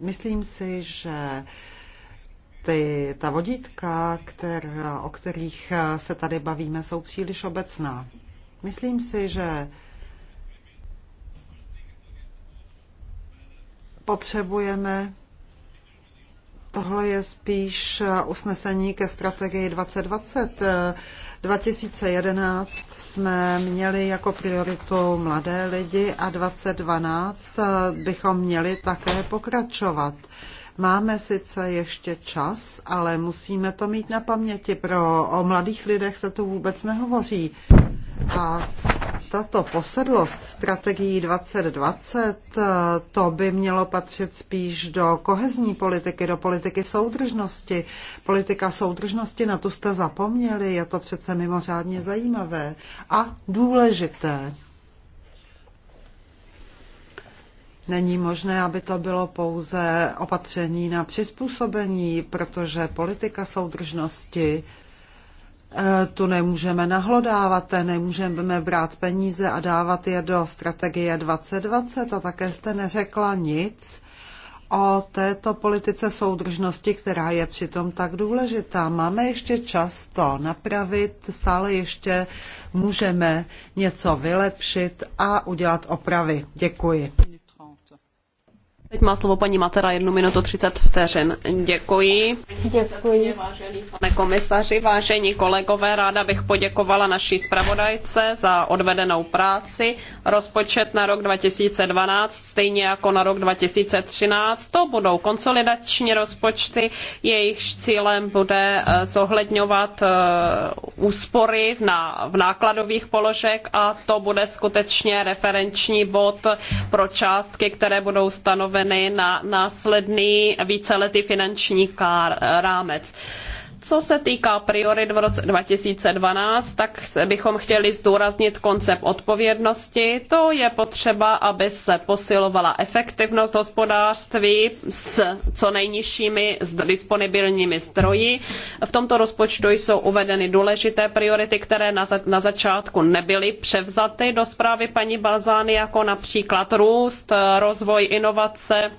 Myslím si, že ta vodítka, o kterých se tady bavíme, jsou příliš obecná. Myslím si, že potřebujeme. Tohle je spíš usnesení ke strategii 2020. 2011 jsme měli jako prioritu mladé lidi a 2012 bychom měli také pokračovat. Máme sice ještě čas, ale musíme to mít na paměti. Pro o mladých lidech se tu vůbec nehovoří. A tato posedlost strategií 2020, to by mělo patřit spíš do kohezní politiky, do politiky soudržnosti. Politika soudržnosti, na tu jste zapomněli, je to přece mimořádně zajímavé a důležité. Není možné, aby to bylo pouze opatření na přizpůsobení, protože politika soudržnosti Eh, tu nemůžeme nahlodávat, eh, nemůžeme brát peníze a dávat je do strategie 2020 a také jste neřekla nic o této politice soudržnosti, která je přitom tak důležitá. Máme ještě čas to napravit, stále ještě můžeme něco vylepšit a udělat opravy. Děkuji. Teď má slovo paní Matera jednu minutu 30 vteřin. Děkuji. Děkuji. Pane komisaři, vážení kolegové, ráda bych poděkovala naší zpravodajce za odvedenou práci. Rozpočet na rok 2012, stejně jako na rok 2013, to budou konsolidační rozpočty, jejichž cílem bude eh, zohledňovat eh, úspory na, v nákladových položek a to bude skutečně referenční bod pro částky, které budou stanoveny zaměřeny na následný víceletý finanční rámec. Co se týká priorit v roce 2012, tak bychom chtěli zdůraznit koncept odpovědnosti. To je potřeba, aby se posilovala efektivnost hospodářství s co nejnižšími disponibilními zdroji. V tomto rozpočtu jsou uvedeny důležité priority, které na, za na začátku nebyly převzaty do zprávy paní Balzány, jako například růst, rozvoj inovace,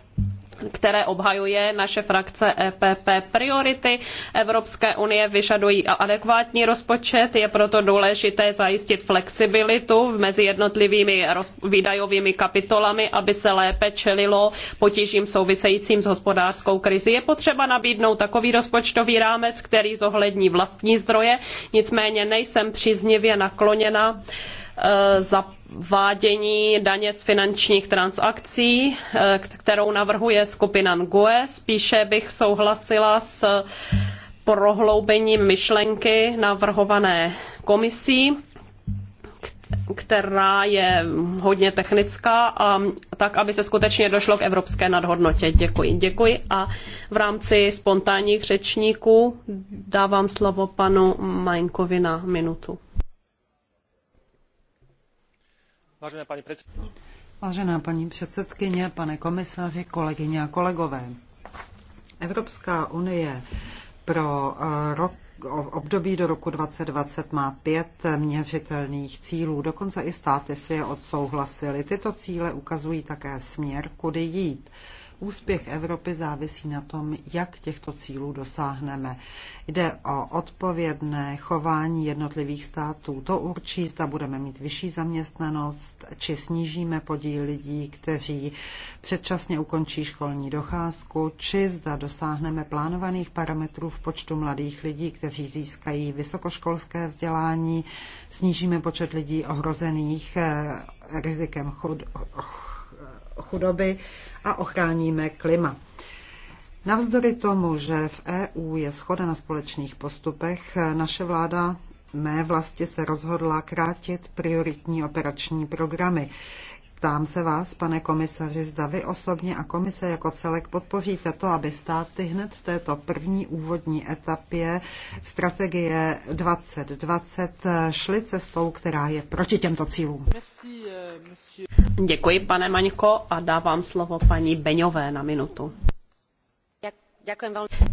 které obhajuje naše frakce EPP. Priority Evropské unie vyžadují adekvátní rozpočet, je proto důležité zajistit flexibilitu mezi jednotlivými výdajovými kapitolami, aby se lépe čelilo potížím souvisejícím s hospodářskou krizí. Je potřeba nabídnout takový rozpočtový rámec, který zohlední vlastní zdroje, nicméně nejsem příznivě nakloněna Eh, zavádění daně z finančních transakcí, eh, kterou navrhuje skupina NGUE. Spíše bych souhlasila s prohloubením myšlenky navrhované komisí která je hodně technická a tak, aby se skutečně došlo k evropské nadhodnotě. Děkuji. Děkuji a v rámci spontánních řečníků dávám slovo panu Majnkovi na minutu. Vážená paní předsedkyně. pane komisaři, kolegyně a kolegové. Evropská unie pro eh, rok období do roku 2020 má pět měřitelných cílů. Dokonce i státy si je odsouhlasily. Tyto cíle ukazují také směr, kudy jít. Úspěch Evropy závisí na tom, jak těchto cílů dosáhneme. Jde o odpovědné chování jednotlivých států. To určí, zda budeme mít vyšší zaměstnanost, či snížíme podíl lidí, kteří předčasně ukončí školní docházku, či zda dosáhneme plánovaných parametrů v počtu mladých lidí, kteří získají vysokoškolské vzdělání, snížíme počet lidí ohrozených eh, rizikem chud, chudoby a ochráníme klima. Navzdory tomu, že v EU je schoda na společných postupech, naše vláda mé vlasti se rozhodla krátit prioritní operační programy. Ptám se vás, pane komisaři, zda vy osobně a komise jako celek podpoříte to, aby státy hned v této první úvodní etapě strategie 2020 šly cestou, která je proti těmto cílům. Eh, Děkuji, pane Maňko, a dávám slovo paní Beňové na minutu.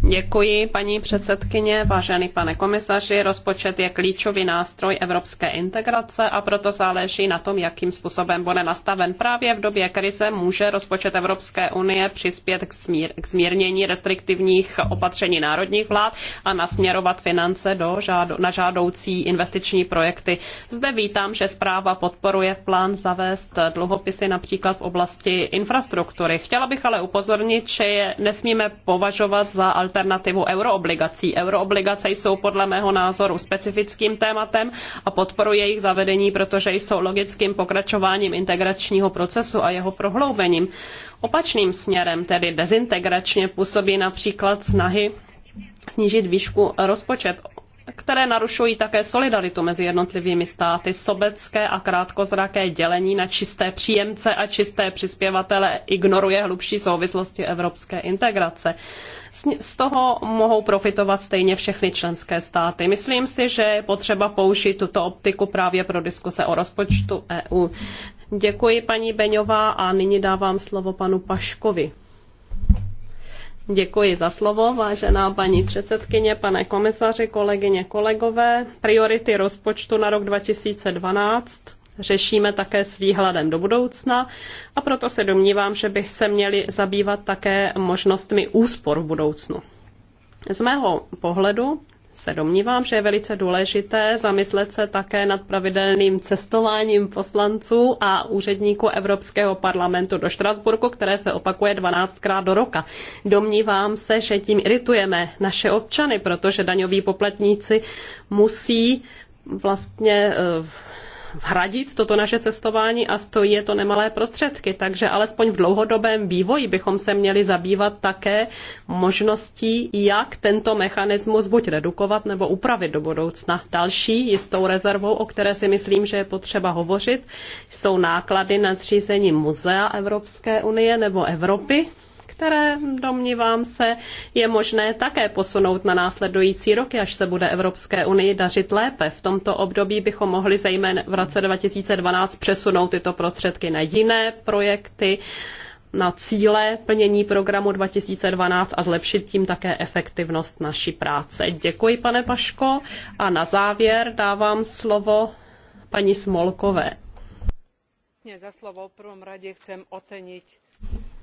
Děkuji, paní předsedkyně, vážený pane komisaři. Rozpočet je klíčový nástroj evropské integrace a proto záleží na tom, jakým způsobem bude nastaven. Právě v době krize může rozpočet Evropské unie přispět k, smír, k zmírnění restriktivních opatření národních vlád a nasměrovat finance do žádo, na žádoucí investiční projekty. Zde vítám, že zpráva podporuje plán zavést dluhopisy například v oblasti infrastruktury. Chtěla bych ale upozornit, že je nesmíme považovat považovat za alternativu euroobligací. Euroobligace jsou podle mého názoru specifickým tématem a podporuji jejich zavedení, protože jsou logickým pokračováním integračního procesu a jeho prohloubením. Opačným směrem, tedy dezintegračně, působí například snahy snížit výšku rozpočet, které narušují také solidaritu mezi jednotlivými státy, sobecké a krátkozraké dělení na čisté příjemce a čisté přispěvatele ignoruje hlubší souvislosti evropské integrace. Z toho mohou profitovat stejně všechny členské státy. Myslím si, že je potřeba použít tuto optiku právě pro diskuse o rozpočtu EU. Děkuji paní Beňová a nyní dávám slovo panu Paškovi. Děkuji za slovo, vážená paní předsedkyně, pane komisaři, kolegyně, kolegové. Priority rozpočtu na rok 2012 řešíme také s výhledem do budoucna a proto se domnívám, že bych se měli zabývat také možnostmi úspor v budoucnu. Z mého pohledu se domnívám, že je velice důležité zamyslet se také nad pravidelným cestováním poslanců a úředníků Evropského parlamentu do Štrasburku, které se opakuje 12krát do roka. Domnívám se, že tím iritujeme naše občany, protože daňoví poplatníci musí vlastně eh, hradit toto naše cestování a stojí je to nemalé prostředky. Takže alespoň v dlouhodobém vývoji bychom se měli zabývat také možností, jak tento mechanismus buď redukovat nebo upravit do budoucna. Další jistou rezervou, o které si myslím, že je potřeba hovořit, jsou náklady na zřízení muzea Evropské unie nebo Evropy které, domnívám se, je možné také posunout na následující roky, až se bude Evropské unii dařit lépe. V tomto období bychom mohli zejména v roce 2012 přesunout tyto prostředky na jiné projekty, na cíle plnění programu 2012 a zlepšit tím také efektivnost naší práce. Děkuji, pane Paško. A na závěr dávám slovo paní Smolkové. Za slovo v prvom radě chcem ocenit.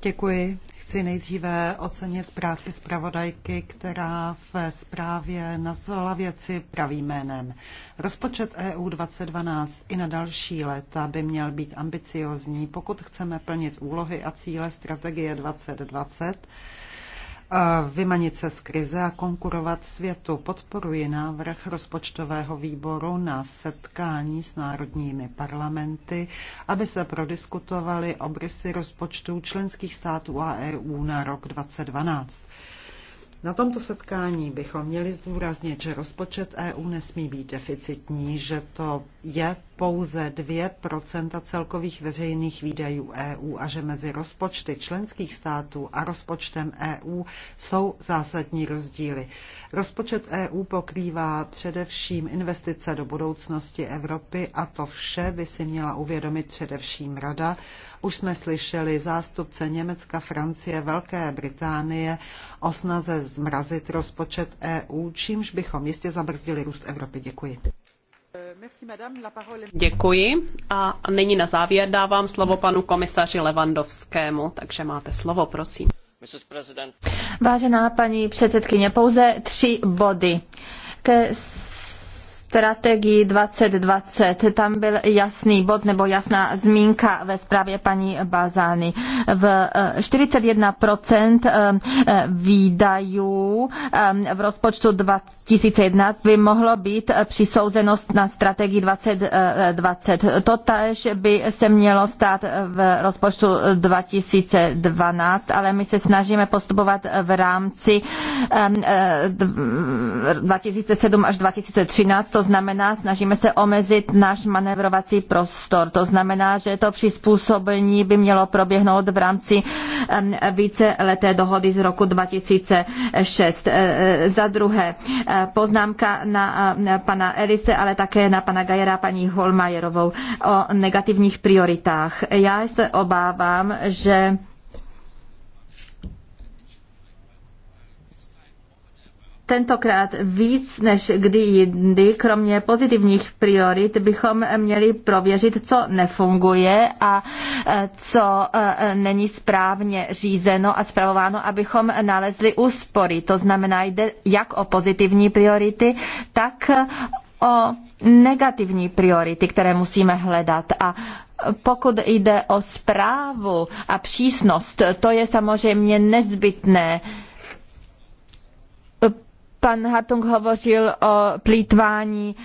Děkuji. Chci nejdříve ocenit práci zpravodajky, která v zprávě nazvala věci pravým jménem. Rozpočet EU 2012 i na další léta by měl být ambiciozní, pokud chceme plnit úlohy a cíle strategie 2020 vymanit se z krize a konkurovat světu. Podporuji návrh rozpočtového výboru na setkání s národními parlamenty, aby se prodiskutovaly obrysy rozpočtů členských států a EU na rok 2012. Na tomto setkání bychom měli zdůraznit, že rozpočet EU nesmí být deficitní, že to je pouze 2 celkových veřejných výdajů EU a že mezi rozpočty členských států a rozpočtem EU jsou zásadní rozdíly. Rozpočet EU pokrývá především investice do budoucnosti Evropy a to vše by si měla uvědomit především Rada. Už jsme slyšeli zástupce Německa, Francie, Velké Británie o snaze zmrazit rozpočet EU, čímž bychom jistě zabrzdili růst Evropy. Děkuji. Děkuji a nyní na závěr dávám slovo panu komisaři Levandovskému, takže máte slovo, prosím. Vážená paní předsedkyně, pouze tři body. Ke strategii 2020. Tam byl jasný bod nebo jasná zmínka ve zprávě paní Bazány. V 41% eh, eh, eh, výdajů v rozpočtu 2011 by mohlo být přisouzenost na strategii 2020. To tež by se mělo stát v rozpočtu 2012, ale my se snažíme postupovat v rámci 2007 až 2013 to znamená, snažíme se omezit náš manevrovací prostor. To znamená, že to přizpůsobení by mělo proběhnout v rámci víceleté dohody z roku 2006. E, e, za druhé, e, poznámka na pana Elise, ale také na pana Gajera, paní Holmajerovou o negativních prioritách. Já se obávám, že tentokrát víc než kdy jindy, kromě pozitivních priorit, bychom měli prověřit, co nefunguje a e, co e, není správně řízeno a spravováno, abychom nalezli úspory. To znamená, jde jak o pozitivní priority, tak o negativní priority, které musíme hledat. A pokud jde o správu a přísnost, to je samozřejmě nezbytné Pan Hartung hovořil o plítvání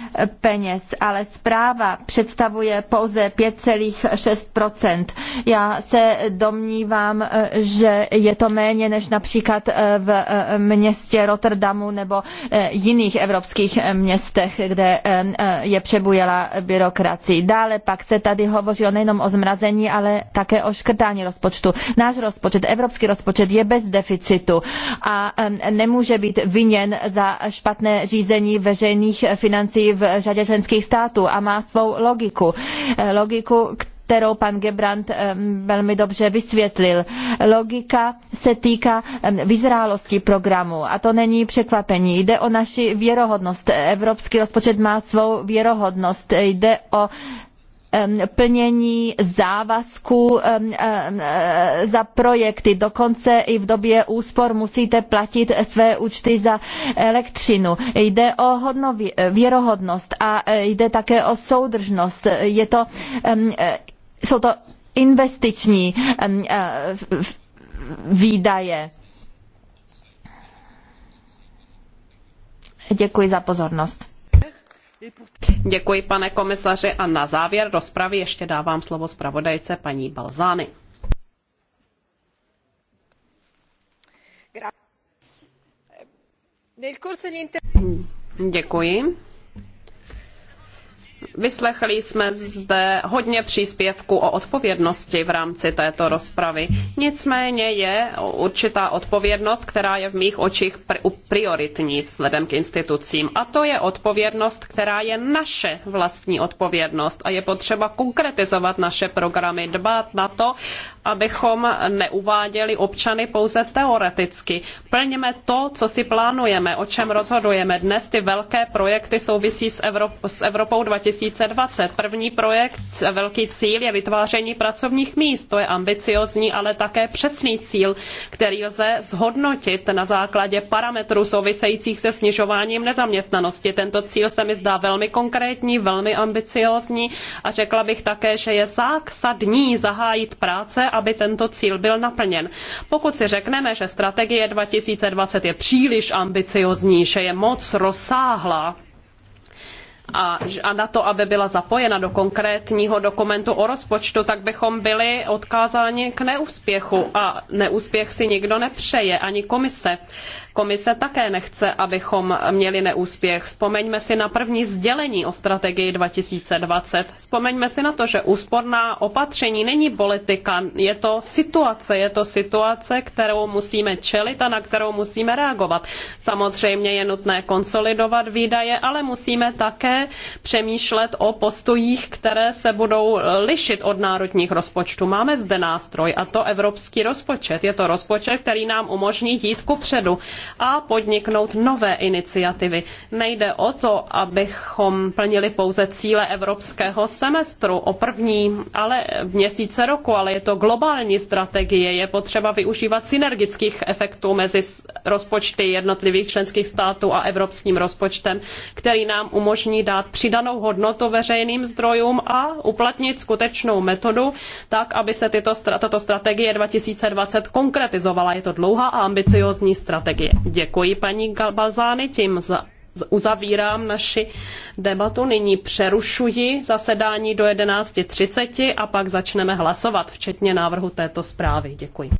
peněz, ale zpráva představuje pouze 5,6 Já se domnívám, že je to méně než například v městě Rotterdamu nebo jiných evropských městech, kde je přebujela byrokracii. Dále pak se tady hovořilo nejenom o zmrazení, ale také o škrtání rozpočtu. Náš rozpočet, evropský rozpočet je bez deficitu a nemůže být viněn za špatné řízení veřejných financí v řadě členských států a má svou logiku. Eh, logiku, kterou pan Gebrand eh, velmi dobře vysvětlil. Logika se týká eh, vyzrálosti programu a to není překvapení. Jde o naši věrohodnost. Evropský rozpočet má svou věrohodnost. Jde o plnění závazků e, za projekty. Dokonce i v době úspor musíte platit své účty za elektřinu. Jde o hodno, e, věrohodnost a e, jde také o soudržnost. Je to, jsou to investiční výdaje. Děkuji za pozornost. Děkuji, pane komisaři. A na závěr rozpravy ještě dávám slovo zpravodajce paní Balzány. Děkuji. Vyslechli jsme zde hodně příspěvků o odpovědnosti v rámci této rozpravy. Nicméně je určitá odpovědnost, která je v mých očích prioritní vzhledem k institucím. A to je odpovědnost, která je naše vlastní odpovědnost. A je potřeba konkretizovat naše programy, dbát na to, abychom neuváděli občany pouze teoreticky. Plněme to, co si plánujeme, o čem rozhodujeme. Dnes ty velké projekty souvisí s, Evrop- s Evropou 2020. První projekt, velký cíl je vytváření pracovních míst. To je ambiciózní, ale také přesný cíl, který lze zhodnotit na základě parametrů souvisejících se snižováním nezaměstnanosti. Tento cíl se mi zdá velmi konkrétní, velmi ambiciózní a řekla bych také, že je zásadní zahájit práce aby tento cíl byl naplněn. Pokud si řekneme, že strategie 2020 je příliš ambiciozní, že je moc rozsáhlá, a, a na to, aby byla zapojena do konkrétního dokumentu o rozpočtu, tak bychom byli odkázáni k neúspěchu a neúspěch si nikdo nepřeje, ani komise. Komise také nechce, abychom měli neúspěch. Vzpomeňme si na první sdělení o strategii 2020. Vzpomeňme si na to, že úsporná opatření není politika, je to situace, je to situace, kterou musíme čelit a na kterou musíme reagovat. Samozřejmě je nutné konsolidovat výdaje, ale musíme také přemýšlet o postojích, které se budou lišit od národních rozpočtů. Máme zde nástroj a to evropský rozpočet. Je to rozpočet, který nám umožní jít kupředu a podniknout nové iniciativy. Nejde o to, abychom plnili pouze cíle evropského semestru o první ale měsíce roku, ale je to globální strategie. Je potřeba využívat synergických efektů mezi rozpočty jednotlivých členských států a evropským rozpočtem, který nám umožní dát přidanou hodnotu veřejným zdrojům a uplatnit skutečnou metodu tak, aby se tyto, tato strategie 2020 konkretizovala. Je to dlouhá a ambiciózní strategie. Děkuji paní Galbalzány, tím za, uzavírám naši debatu. Nyní přerušuji zasedání do 11.30 a pak začneme hlasovat, včetně návrhu této zprávy. Děkuji.